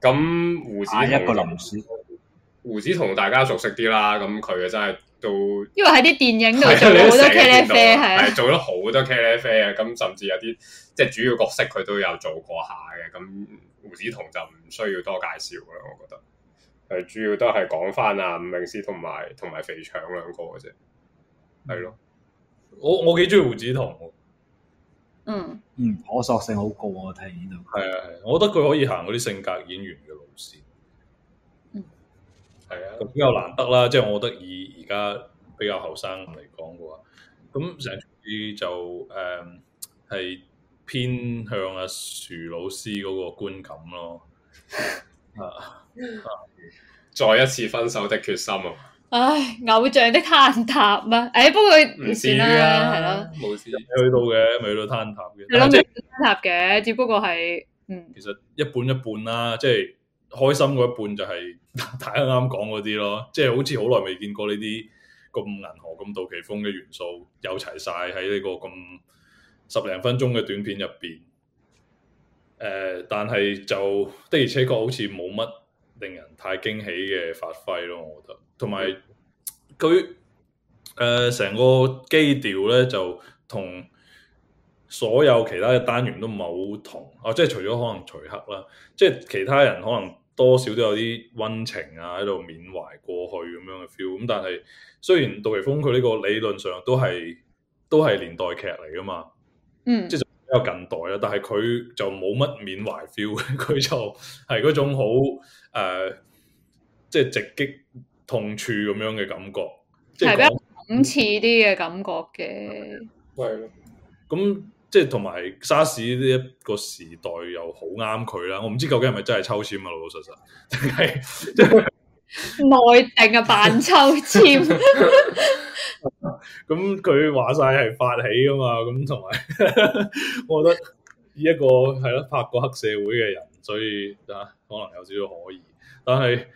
咁胡子彤一個林子、啊，胡子彤大家熟悉啲啦。咁佢嘅真係。做，因為喺啲電影度做好多茄喱啡係，係做得好多茄喱啡啊！咁甚至有啲即係主要角色佢都有做過下嘅。咁胡子彤就唔需要多介紹啦，我覺得。誒，主要都係講翻阿吳明斯同埋同埋肥腸兩個嘅啫，係咯。我我幾中意胡子彤嘅，嗯嗯，可塑性好高我睇到，係啊係，我覺得佢可以行嗰啲性格演員嘅路線。係啊，咁比較難得啦，即係我覺得以而家比較後生嚟講嘅話，咁成串就誒係、嗯、偏向阿馴老師嗰個觀感咯、 啊啊。再一次分手的決心啊！唉、哎，偶像的坍塌啊！唉、哎，不過唔事啦，係咯、啊，冇了事，去到嘅咪去到坍塌嘅，你諗住坍塌嘅，只不過係嗯，其實一半一半啦、啊，即係。開心嗰一半就係大家啱講嗰啲咯，即係好似好耐未見過呢啲咁銀河咁杜琪峯嘅元素有齊晒喺呢個咁十零分鐘嘅短片入邊。誒、呃，但係就的而且確好似冇乜令人太驚喜嘅發揮咯，我覺得。同埋佢誒成個基調咧，就同。所有其他嘅單元都冇同啊，即係除咗可能徐克啦，即係其他人可能多少都有啲溫情啊喺度緬懷過去咁樣嘅 feel。咁但係雖然杜琪峰佢呢個理論上都係都係年代劇嚟㗎嘛，嗯，即係比較近代啦，但係佢就冇乜緬懷 feel，佢就係嗰種好誒、呃，即係直擊痛處咁樣嘅感覺，係比較諷刺啲嘅感覺嘅，係咯，咁。即係同埋沙士呢一個時代又好啱佢啦，我唔知究竟係咪真係抽籤啊，老老實實，定係、即係、內定啊，扮抽籤。咁 佢 話晒係發起噶嘛，咁同埋， 我覺得呢、這、一個係咯、啊、拍過黑社會嘅人，所以吓、啊、可能有少少可疑。但係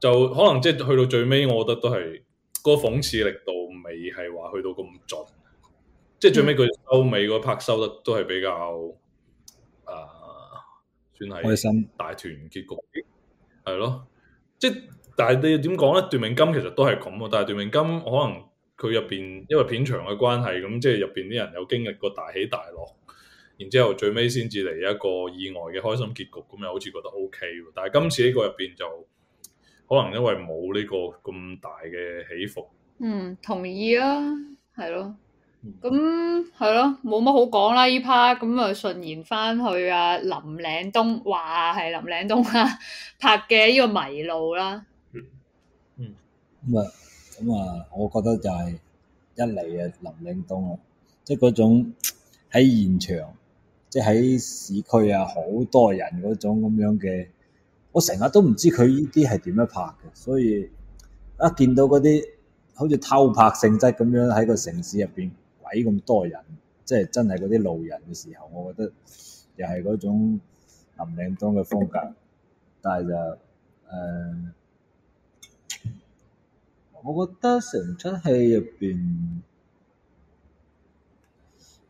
就可能即係去到最尾，我覺得都係個諷刺力度未係話去到咁盡。嗯、即係最尾佢收尾嗰 part 收得都係比較啊、呃，算係開心大團結局係咯。即係但係你點講咧？《奪命金》其實都係咁，但係《奪命金》可能佢入邊因為片長嘅關係，咁即係入邊啲人有經歷過大起大落，然之後最尾先至嚟一個意外嘅開心結局，咁又好似覺得 O、OK、K。但係今次呢個入邊就可能因為冇呢個咁大嘅起伏，嗯，同意啊，係咯。咁係咯，冇乜、嗯、好講啦。呢 part 咁啊，順延翻去啊林嶺東話係林嶺東啊拍嘅呢個迷路啦，嗯。嗯，咁啊、嗯、咁、嗯、啊，我覺得就係、是、一嚟，啊林嶺東啊，即係嗰種喺現場，即係喺市區啊，好多人嗰種咁樣嘅，我成日都唔知佢呢啲係點樣拍嘅，所以一見到嗰啲好似偷拍性質咁樣喺個城市入邊。睇咁多人，即係真係嗰啲路人嘅時候，我覺得又係嗰種林嶺東嘅風格，但係就誒、呃，我覺得成出戲入邊，誒、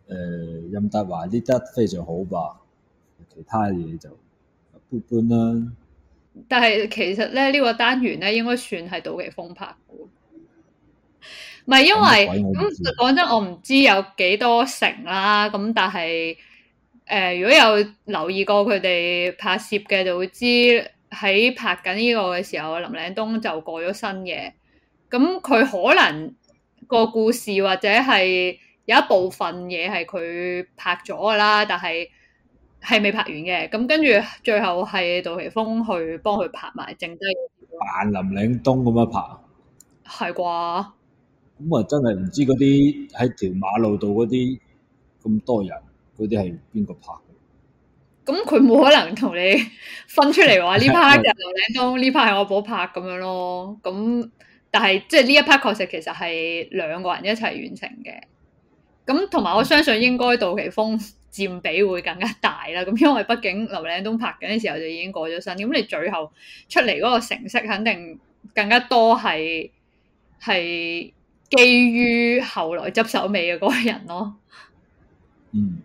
呃、任達華啲得非常好吧，其他嘢就一般般啦。呃呃、但係其實咧，呢、呢個單元咧應該算係杜琪峯風拍嘅。唔係，因為咁講真，我唔知有幾多成啦。咁但係，誒、呃，如果有留意過佢哋拍攝嘅，就會知喺拍緊呢個嘅時候，林嶺東就過咗身嘅。咁佢可能個故事或者係有一部分嘢係佢拍咗噶啦，但係係未拍完嘅。咁跟住最後係杜琪峰去幫佢拍埋，剩低扮林嶺東咁樣拍。係啩？咁啊，我真係唔知嗰啲喺條馬路度嗰啲咁多人，嗰啲係邊個拍？咁佢冇可能同你分出嚟話呢 part 係林嶺東，呢 part 係我寶拍咁樣咯。咁但係即係呢 part 確實其實係兩個人一齊完成嘅。咁同埋我相信應該杜琪峰佔比會更加大啦。咁因為畢竟林嶺東拍緊嘅時候就已經過咗身，咁你最後出嚟嗰個成色肯定更加多係係。基於後來執手尾嘅嗰個人咯，嗯，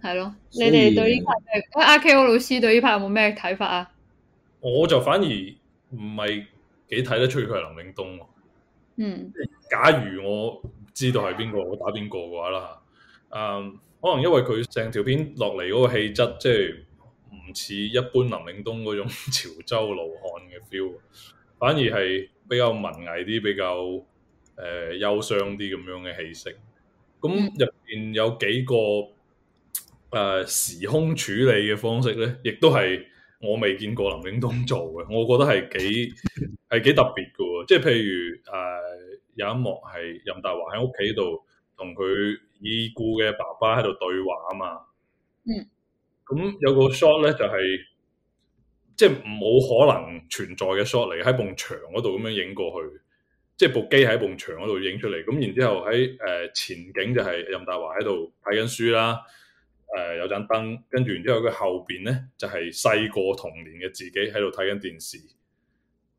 係 咯，是你哋對呢 part，阿 Ko 老師對呢排有冇咩睇法啊？我就反而唔係幾睇得出佢係林嶺東，嗯，假如我知道係邊個我打邊個嘅話啦，嗯，可能因為佢成條片落嚟，嗰個氣質，即係唔似一般林嶺東嗰種潮州老漢嘅 feel，反而係比較文藝啲，比較。誒、憂傷啲咁樣嘅氣息，咁入邊有幾個誒、呃、時空處理嘅方式咧，亦都係我未見過林嶺東做嘅，我覺得係幾係 幾特別嘅、哦，即係譬如誒、呃、有一幕係任達華喺屋企度同佢已故嘅爸爸喺度對話啊嘛，嗯，咁有個 shot 咧就係即係冇可能存在嘅 shot 嚟，喺埲牆嗰度咁樣影過去。即係部機喺一埲牆嗰度影出嚟，咁然之後喺誒、呃、前景就係任達華喺度睇緊書啦，誒、呃、有盞燈，跟住然之後佢後邊咧就係細個童年嘅自己喺度睇緊電視，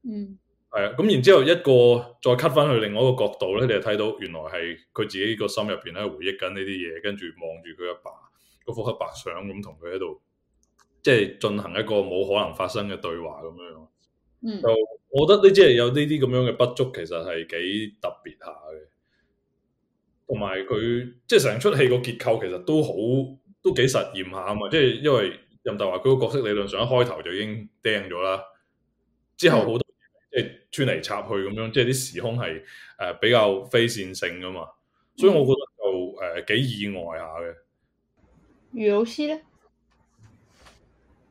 嗯，係啊、嗯，咁然之後一個再 cut 翻去另外一個角度咧，你就睇到原來係佢自己個心入邊度回憶緊呢啲嘢，跟住望住佢阿爸個副黑白相咁同佢喺度，即係進行一個冇可能發生嘅對話咁樣。就、嗯、我覺得呢，即係有呢啲咁樣嘅不足，其實係幾特別下嘅。同埋佢即係成出戲個結構，其實都好都幾實驗下啊嘛。即、就、係、是、因為任達華佢個角色理論上一開頭就已經釘咗啦，之後好多即係穿嚟插去咁樣，即係啲時空係誒比較非線性噶嘛。所以我覺得就誒幾意外下嘅。余老師咧，呢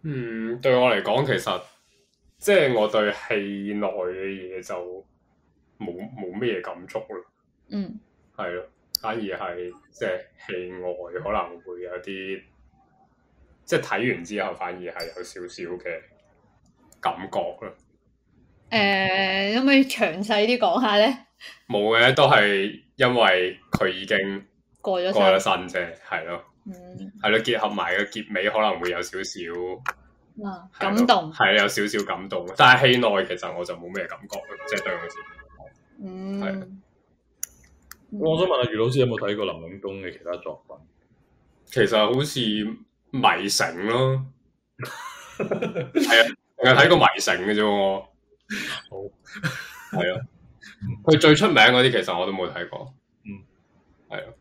嗯，對我嚟講，其實。即係我對戲內嘅嘢就冇冇咩嘢感觸啦。嗯，係咯，反而係即係戲外可能會有啲，即係睇完之後反而係有少少嘅感覺啦。誒、嗯，可唔可以詳細啲講下咧？冇嘅，都係因為佢已經過咗過咗身啫，係咯，係咯、嗯，結合埋個結尾可能會有少少。感動，係有少少感動，但係戲內其實我就冇咩感覺，即係對我自己。嗯，我想問下余老師有冇睇過林嶺東嘅其他作品？其實好似迷城咯，係啊，我就睇過迷城嘅啫。我好係啊，佢最出名嗰啲其實我都冇睇過。嗯，係啊。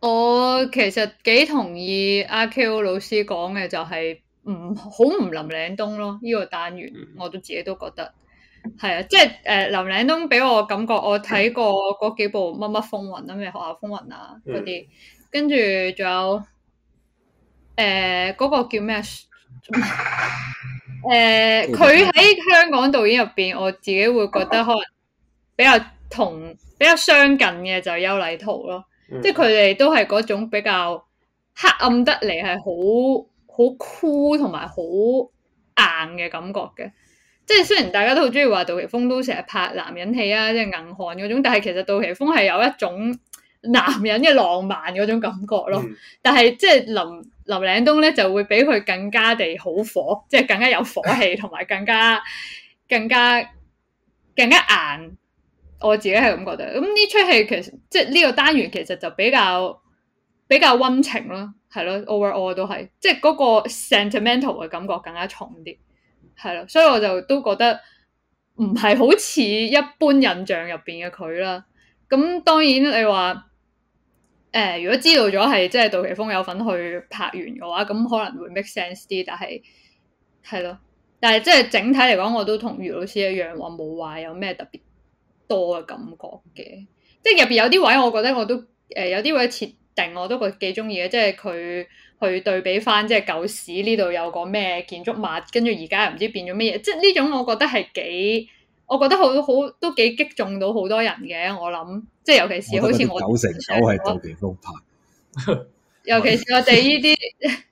我其實幾同意阿 Q 老師講嘅，就係。唔好唔林嶺東咯，呢、這個單元我都自己都覺得係啊，即係誒、呃、林嶺東俾我感覺，我睇過嗰幾部什麼什麼《乜乜風雲》啊，《咩學校風雲》啊嗰啲，跟住仲有誒嗰個叫咩？誒、 呃，佢喺香港導演入邊，我自己會覺得可能比較同比較相近嘅就邱禮濤咯，嗯、即係佢哋都係嗰種比較黑暗得嚟係好。好酷同埋好硬嘅感覺嘅，即係雖然大家都好鍾意話杜琪峰都成日拍男人戲啊，即係硬漢嗰種，但係其實杜琪峰係有一種男人嘅浪漫嗰種感覺咯。嗯、但係即係林林嶺東咧就會比佢更加地好火，即係更加有火氣同埋更加更加更加硬。我自己係咁覺得。咁呢出戲其實即係呢個單元其實就比較比較溫情咯。係咯，overall 都係，即係嗰個 sentimental 嘅感覺更加重啲，係咯，所以我就都覺得唔係好似一般印象入邊嘅佢啦。咁當然你話，誒、呃，如果知道咗係即係杜琪峰有份去拍完嘅話，咁可能會 make sense 啲。但係係咯，但係即係整體嚟講，我都同余老師一樣話冇話有咩特別多嘅感覺嘅，即係入邊有啲位，我覺得我都誒、呃、有啲位似。定我都覺幾中意嘅，即係佢去對比翻，即係舊市呢度有個咩建築物，跟住而家又唔知變咗咩嘢，即係呢種我覺得係幾，我覺得好好都幾擊中到好多人嘅，我諗，即係尤其是好似我，我九成九係做地方拍， 尤其是我哋呢啲，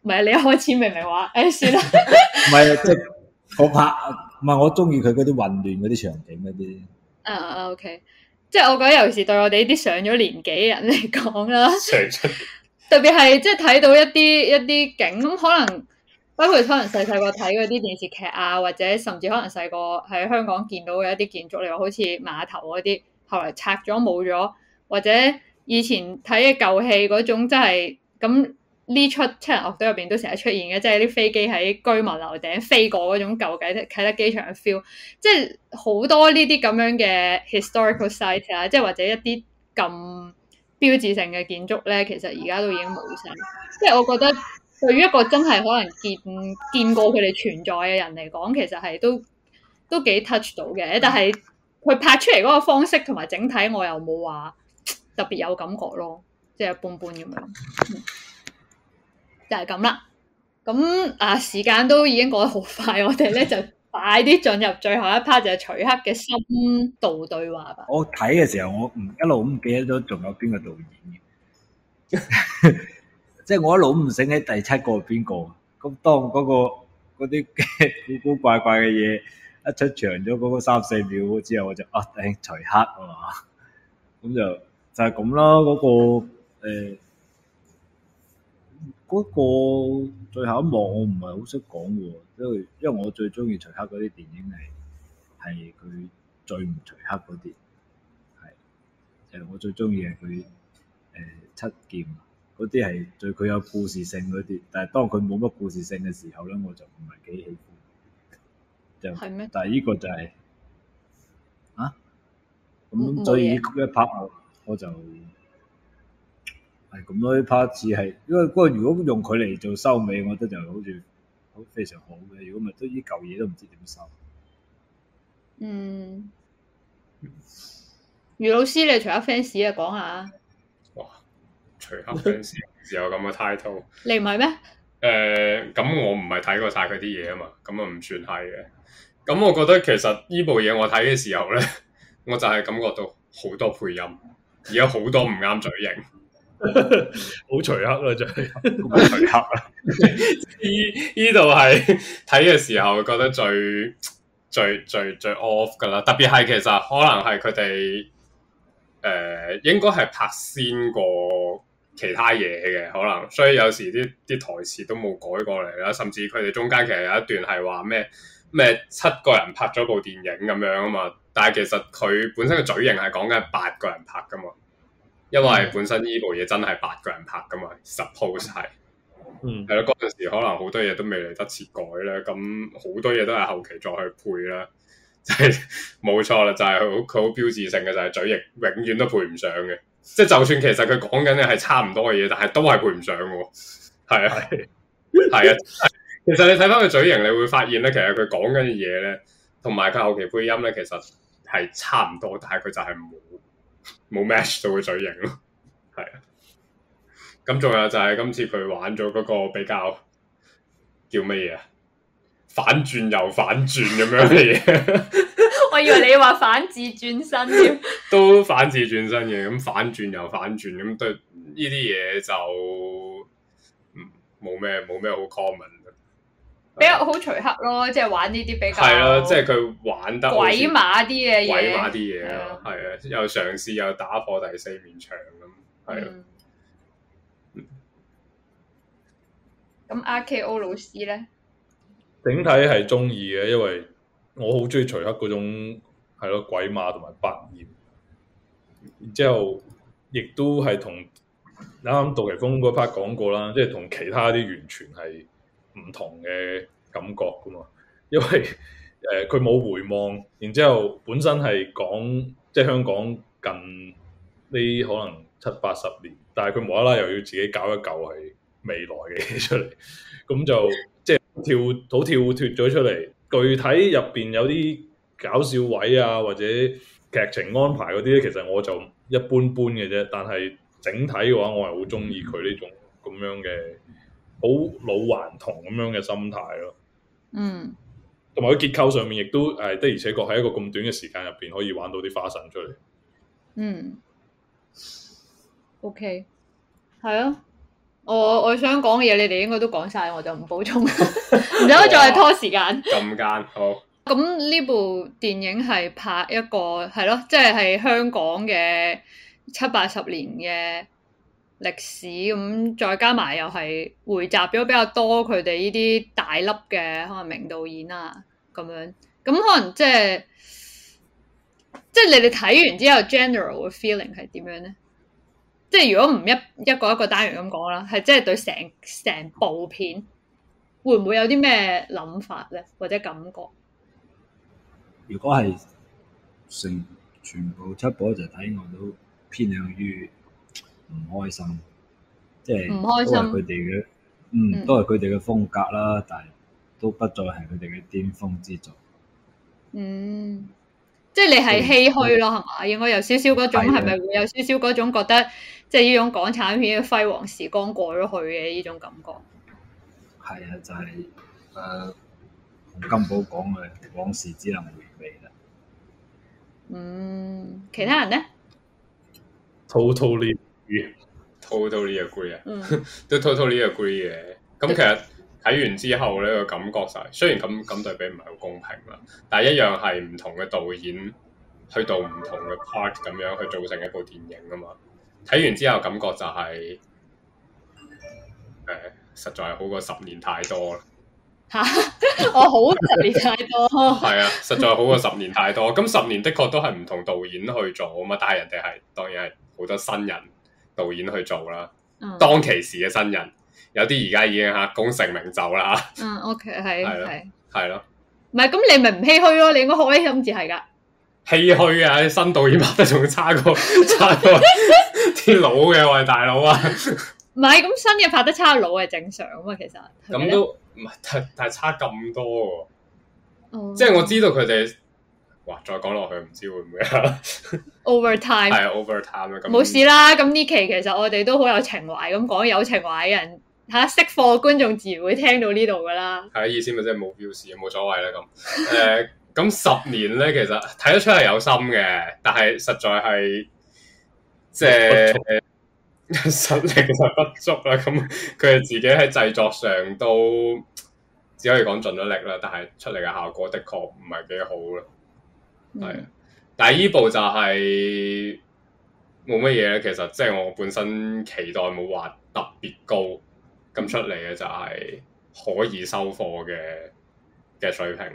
唔係 你開始明明話，誒、哎，算啦，唔係啊，即、就、係、是、我拍，唔係我中意佢嗰啲混亂嗰啲場景嗰啲，啊啊、uh,，OK。即係我覺得，尤其是對我哋呢啲上咗年紀嘅人嚟講啦， 特別係即係睇到一啲一啲景咁，可能包括可能細細個睇嗰啲電視劇啊，或者甚至可能細個喺香港見到嘅一啲建築，例如好似碼頭嗰啲，後來拆咗冇咗，或者以前睇嘅舊戲嗰種，真係咁。呢出七人樂隊入邊都成日出現嘅，即係啲飛機喺居民樓頂飛過嗰種舊嘅啟德機場 feel，即係好多呢啲咁樣嘅 historical site 啊，即係或者一啲咁標誌性嘅建築咧，其實而家都已經冇晒。即係我覺得對於一個真係可能見見過佢哋存在嘅人嚟講，其實係都都幾 touch 到嘅。但係佢拍出嚟嗰個方式同埋整體，我又冇話特別有感覺咯，即係一般般咁樣。嗯就係咁啦，咁啊時間都已經過得好快，我哋咧就快啲進入最後一 part，就係徐克嘅深度對話吧。我睇嘅時候，我唔一路唔記得咗仲有邊個導演嘅，即係我一路唔醒起第七個係邊個。咁當嗰個嗰啲古古怪怪嘅嘢一出場咗嗰個三四秒之後，我就啊，頂徐克啊嘛，咁就就係咁啦，嗰個誒。不過最後一幕我唔係好識講喎，因為因為我最中意徐克嗰啲電影係係佢最唔徐克嗰啲，係誒、就是、我最中意係佢誒七劍嗰啲係對佢有故事性嗰啲，但係當佢冇乜故事性嘅時候咧，我就唔係幾喜歡。就嗎但係呢個就係、是、啊，咁所以一拍我就～係咁多啲 part 係，因為個如果用佢嚟做收尾，我覺得就好似好非常好嘅。如果唔係，都依舊嘢,都唔知點收。嗯，余老師，你係徐克 fans 啊？講下。哇！徐克 fans， 有咁嘅 title，你唔係咩？誒、呃，咁我唔係睇過晒佢啲嘢啊嘛，咁啊唔算係嘅。咁我覺得其實呢部嘢我睇嘅時候咧，我就係感覺到好多配音，而家好多唔啱嘴型。 好徐克啦，最係徐克啊！呢，呢度係睇嘅時候覺得最最最最 off 噶啦，特別係其實可能係佢哋誒、應該係拍先過其他嘢嘅，可能，所以有時啲啲台詞都冇改過嚟啦，甚至佢哋中間其實有一段係話咩咩七個人拍咗部電影咁樣啊嘛，但係其實佢本身嘅嘴型係講緊係八個人拍噶嘛。因為本身呢部嘢真係八個人拍噶嘛，suppose 係。係咯，嗰陣時可能好多嘢都未嚟得切改啦，咁好多嘢都係後期再去配啦，就係冇錯啦，就係佢好佢好標誌性嘅就係、是、嘴型永遠都配唔上嘅，即、就、係、是、就算其實佢講緊嘅係差唔多嘅嘢，但係都係配唔上嘅，係啊係啊，其實你睇翻佢嘴型，你會發現咧，其實佢講緊嘅嘢咧，同埋佢後期配音咧，其實係差唔多，但係佢就係冇。冇 match 到個嘴型咯，係啊，咁仲有就係今次佢玩咗嗰個比較叫乜嘢？反轉又反轉咁樣嘅嘢， 我以為你話反字轉身添，都反字轉身嘅，咁反轉又反轉，咁對呢啲嘢就冇咩冇咩好 common。比較好徐克咯，即係玩呢啲比較係咯、啊，即係佢玩得鬼馬啲嘅嘢，鬼馬啲嘢咯，係啊，啊，又嘗試又打破第四面牆咁，係啊。咁阿 k o 老師咧，整體係中意嘅，因為我好中意徐克嗰種，係咯、啊、鬼馬同埋百厭，然之後亦都係同啱啱杜琪峰嗰 part 講過啦，即係同其他啲完全係。唔同嘅感覺噶嘛，因為誒佢冇回望，然之後本身係講即係香港近呢可能七八十年，但係佢無啦啦又要自己搞一嚿係未來嘅嘢出嚟，咁 就即係跳好跳脫咗出嚟。具體入邊有啲搞笑位啊，或者劇情安排嗰啲咧，其實我就一般般嘅啫。但係整體嘅話，我係好中意佢呢種咁樣嘅。好老頑童咁樣嘅心態咯，嗯，同埋佢結構上面亦都誒、哎、的而且確喺一個咁短嘅時間入邊可以玩到啲花臣出嚟，嗯，OK，係啊，我我想講嘅嘢你哋應該都講晒，我就唔補充，唔 想 再拖時間。咁間好。咁呢部電影係拍一個係咯，即係喺香港嘅七八十年嘅，歷史咁、嗯，再加埋又係匯集咗比較多佢哋呢啲大粒嘅，可能名導演啊咁樣，咁、嗯、可能即係即係你哋睇完之後，general 嘅 feeling 係點樣咧？即係如果唔一一個一個單元咁講啦，係即係對成成部片會唔會有啲咩諗法咧，或者感覺？如果係成全部七部就睇我都偏向於。唔開心，即係唔開心。佢哋嘅，嗯，都係佢哋嘅風格啦，嗯、但係都不再係佢哋嘅巔峰之作。嗯，即係你係唏噓咯，係嘛、嗯？應該有少少嗰種，係咪的會有少少嗰種覺得，即係呢種港產片嘅輝煌時光過咗去嘅呢種感覺。係啊，就係，誒，洪金寶講嘅往事只能回味啦。嗯，其他人咧？陶陶念。完全 totally agree 啊，都 totally agree 嘅。咁其實睇完之後咧、這個感覺就係，雖然咁咁對比唔係好公平啦，但係一樣係唔同嘅導演去到唔同嘅 part 咁樣去做成一部電影㗎嘛。睇完之後感覺就係、是，誒實在係好過十年太多啦。吓，我好十年太多。係啊，實在好過十年太多。咁十 年、， 啊、年，年的確都係唔同導演去做啊嘛，但係人哋係當然係好多新人。導演去做啦，嗯、當其時嘅新人，有啲而家已經吓功成名就啦。嗯，OK，係係係咯，唔係咁你咪唔唏噓咯、哦，你應該開啲心至係噶。唏噓啊，新導演拍得仲差過 差過到啲 老嘅喂，大佬啊，唔係咁新嘅拍得差老係正常啊嘛，其實咁都唔係，但係差咁多，嗯、即係我知道佢哋。哇！再講落去唔知會唔會啊？Over time 係 Over time 啦。冇事啦。咁呢期其實我哋都好有情懷咁講，有情懷嘅人嚇、啊、識貨嘅觀眾自然會聽到呢度噶啦。係啊，意思咪即係冇表示，冇所謂啦咁。誒咁、 呃、十年咧，其實睇得出係有心嘅，但係實在係即係實力其實不足啦。咁佢哋自己喺製作上都只可以講盡咗力啦，但係出嚟嘅效果的確唔係幾好啦。係，但係依部就係冇乜嘢咧。其實即係我本身期待冇話特別高咁出嚟嘅，就係可以收貨嘅嘅水平。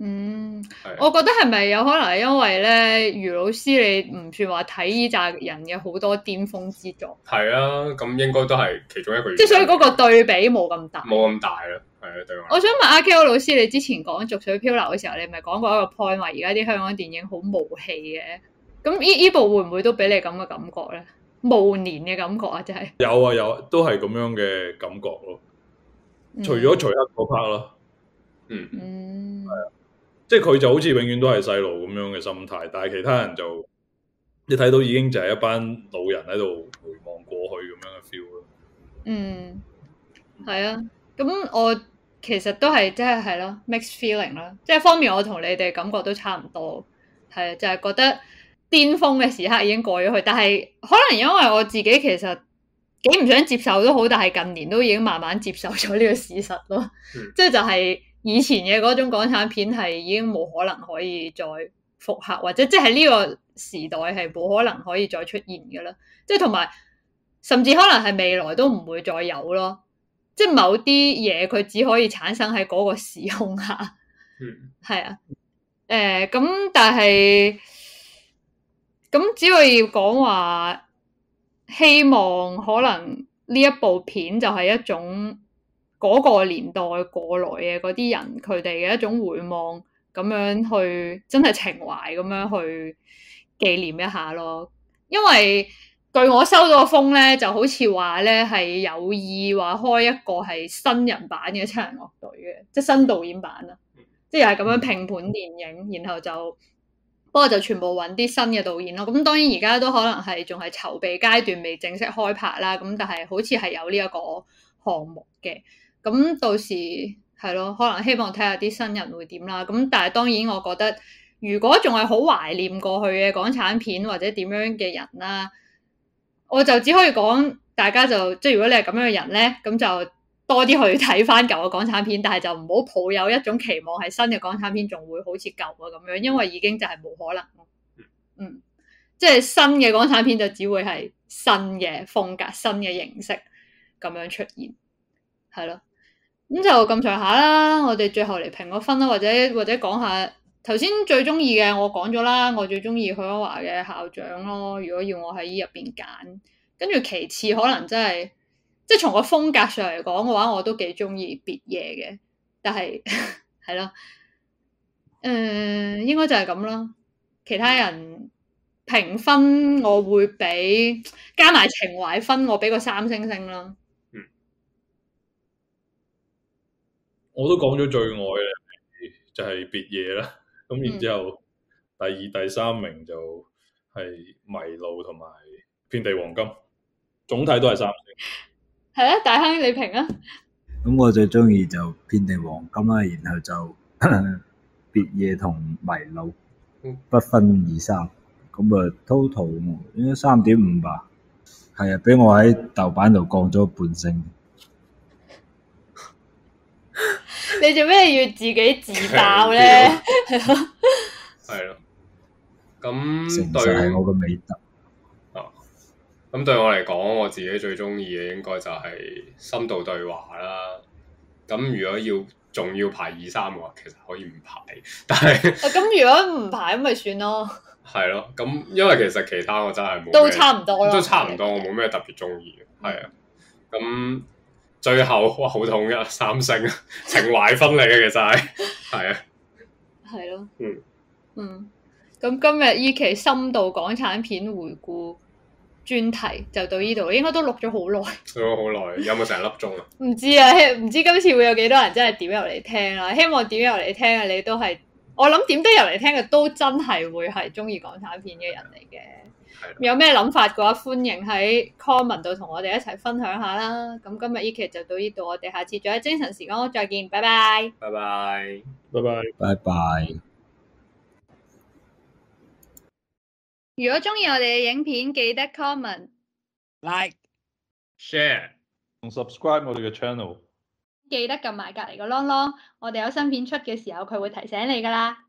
嗯，係，我覺得係咪有可能係因為咧，余老師你唔算話睇依扎人嘅好多巔峰之作。係啊，咁應該都係其中一個原因。即係所以嗰個對比冇咁大，冇咁大啦。係啊，對我想問阿 Ko 老師，你之前講《濁水漂流》嘅時候，你咪講過一個 point 話，而家啲香港電影好無戲嘅。咁依依部會唔會都俾你咁嘅感覺咧？暮年嘅感覺啊，真係、啊。有啊有，都係咁樣嘅感覺咯。除咗除咗嗰 part 咯，嗯，係、嗯、啊，即係佢就好似永遠都係細路咁樣嘅心態，但係其他人就，你睇到已經就係一班老人喺度回望過去咁樣嘅 feel 咯。嗯，係啊。咁我其實都係即係係咯，mixed feeling 啦。即係方面，我同你哋感覺都差唔多，係就係、是、覺得巔峰嘅時刻已經過咗去。但係可能因為我自己其實幾唔想接受都好，但係近年都已經慢慢接受咗呢個事實咯。即係就係以前嘅嗰種港產片係已經冇可能可以再復刻，或者即係呢個時代係冇可能可以再出現嘅啦。即係同埋甚至可能係未來都唔會再有咯。即係某啲嘢，佢只可以產生喺嗰個時空下，係啊、嗯，誒咁、呃，但係咁只可以講話，希望可能呢一部片就係一種嗰個年代過來嘅嗰啲人佢哋嘅一種回望，咁樣去真係情懷咁樣去紀念一下咯，因為。據我收到嘅風咧，就好似話咧，係有意話開一個係新人版嘅七人樂隊嘅，即係新導演版啦，即係又係咁樣拼盤電影，然後就不過就全部揾啲新嘅導演咯。咁當然而家都可能係仲係籌備階段，未正式開拍啦。咁但係好似係有呢一個項目嘅。咁到時係咯，可能希望睇下啲新人會點啦。咁但係當然我覺得，如果仲係好懷念過去嘅港產片或者點樣嘅人啦。我就只可以講，大家就即係如果你係咁樣嘅人咧，咁就多啲去睇翻舊嘅港產片，但係就唔好抱有一種期望係新嘅港產片仲會好似舊嘅咁樣，因為已經就係冇可能。嗯，即係新嘅港產片就只會係新嘅風格、新嘅形式咁樣出現，係咯。咁就咁長下啦，我哋最後嚟評個分啦，或者或者講下。頭先最中意嘅我講咗啦，我最中意許鞍華嘅校長咯。如果要我喺呢入邊揀，跟住其次可能真係，即係從個風格上嚟講嘅話，我都幾中意別夜嘅。但係係咯，誒、 呃，應該就係咁啦。其他人評分我會俾加埋情懷分，我俾個三星星啦。我都講咗最愛嘅就係別夜啦。咁、嗯、然之後，第二、第三名就係迷路同埋遍地黃金，總體都係三星。係啦，大亨你評啊？咁我最鍾意就遍地黃金啦，然後就 別夜同迷路，不分二三。咁啊，total 應該三點五吧？係啊，俾我喺豆瓣度降咗半星。你做咩要自己自爆咧係咯，係咯。 咁，對我嘅美德啊，咁對我嚟講，我自己最中意嘅應該就係深度對話啦。咁如果要仲要排二三嘅話，其實可以唔排。但係，咁、啊、如果唔排咁咪算咯。係咯， 咁因為其實其他我真係冇都差唔多啦，都差唔多，我冇咩特別中意嘅，係啊的，咁的。最後哇，好痛㗎三星 啊，情懷分嚟嘅，其實係，係啊，係咯，嗯嗯，咁、嗯、今日依期深度港產片回顧專題就到呢度，應該都錄咗好耐，錄咗好耐，有冇成粒鐘啊？唔知啊，唔知今次會有幾多人真係點入嚟聽啦，啊？希望點入嚟聽嘅，啊、你都係，我諗點都入嚟聽嘅都真係會係中意港產片嘅人嚟嘅。有咩諗法嘅話，歡迎喺 comment 度同我哋一齊分享下啦。咁今日呢期就到呢度，我哋下次再精神時光，我再見，拜拜。拜拜，拜拜，拜拜。如果中意我哋嘅影片，記得 comment、like share、share 同 subscribe 我哋嘅 channel。記得撳埋隔離個鐘鐘，我哋有新片出嘅時候，佢會提醒你噶啦。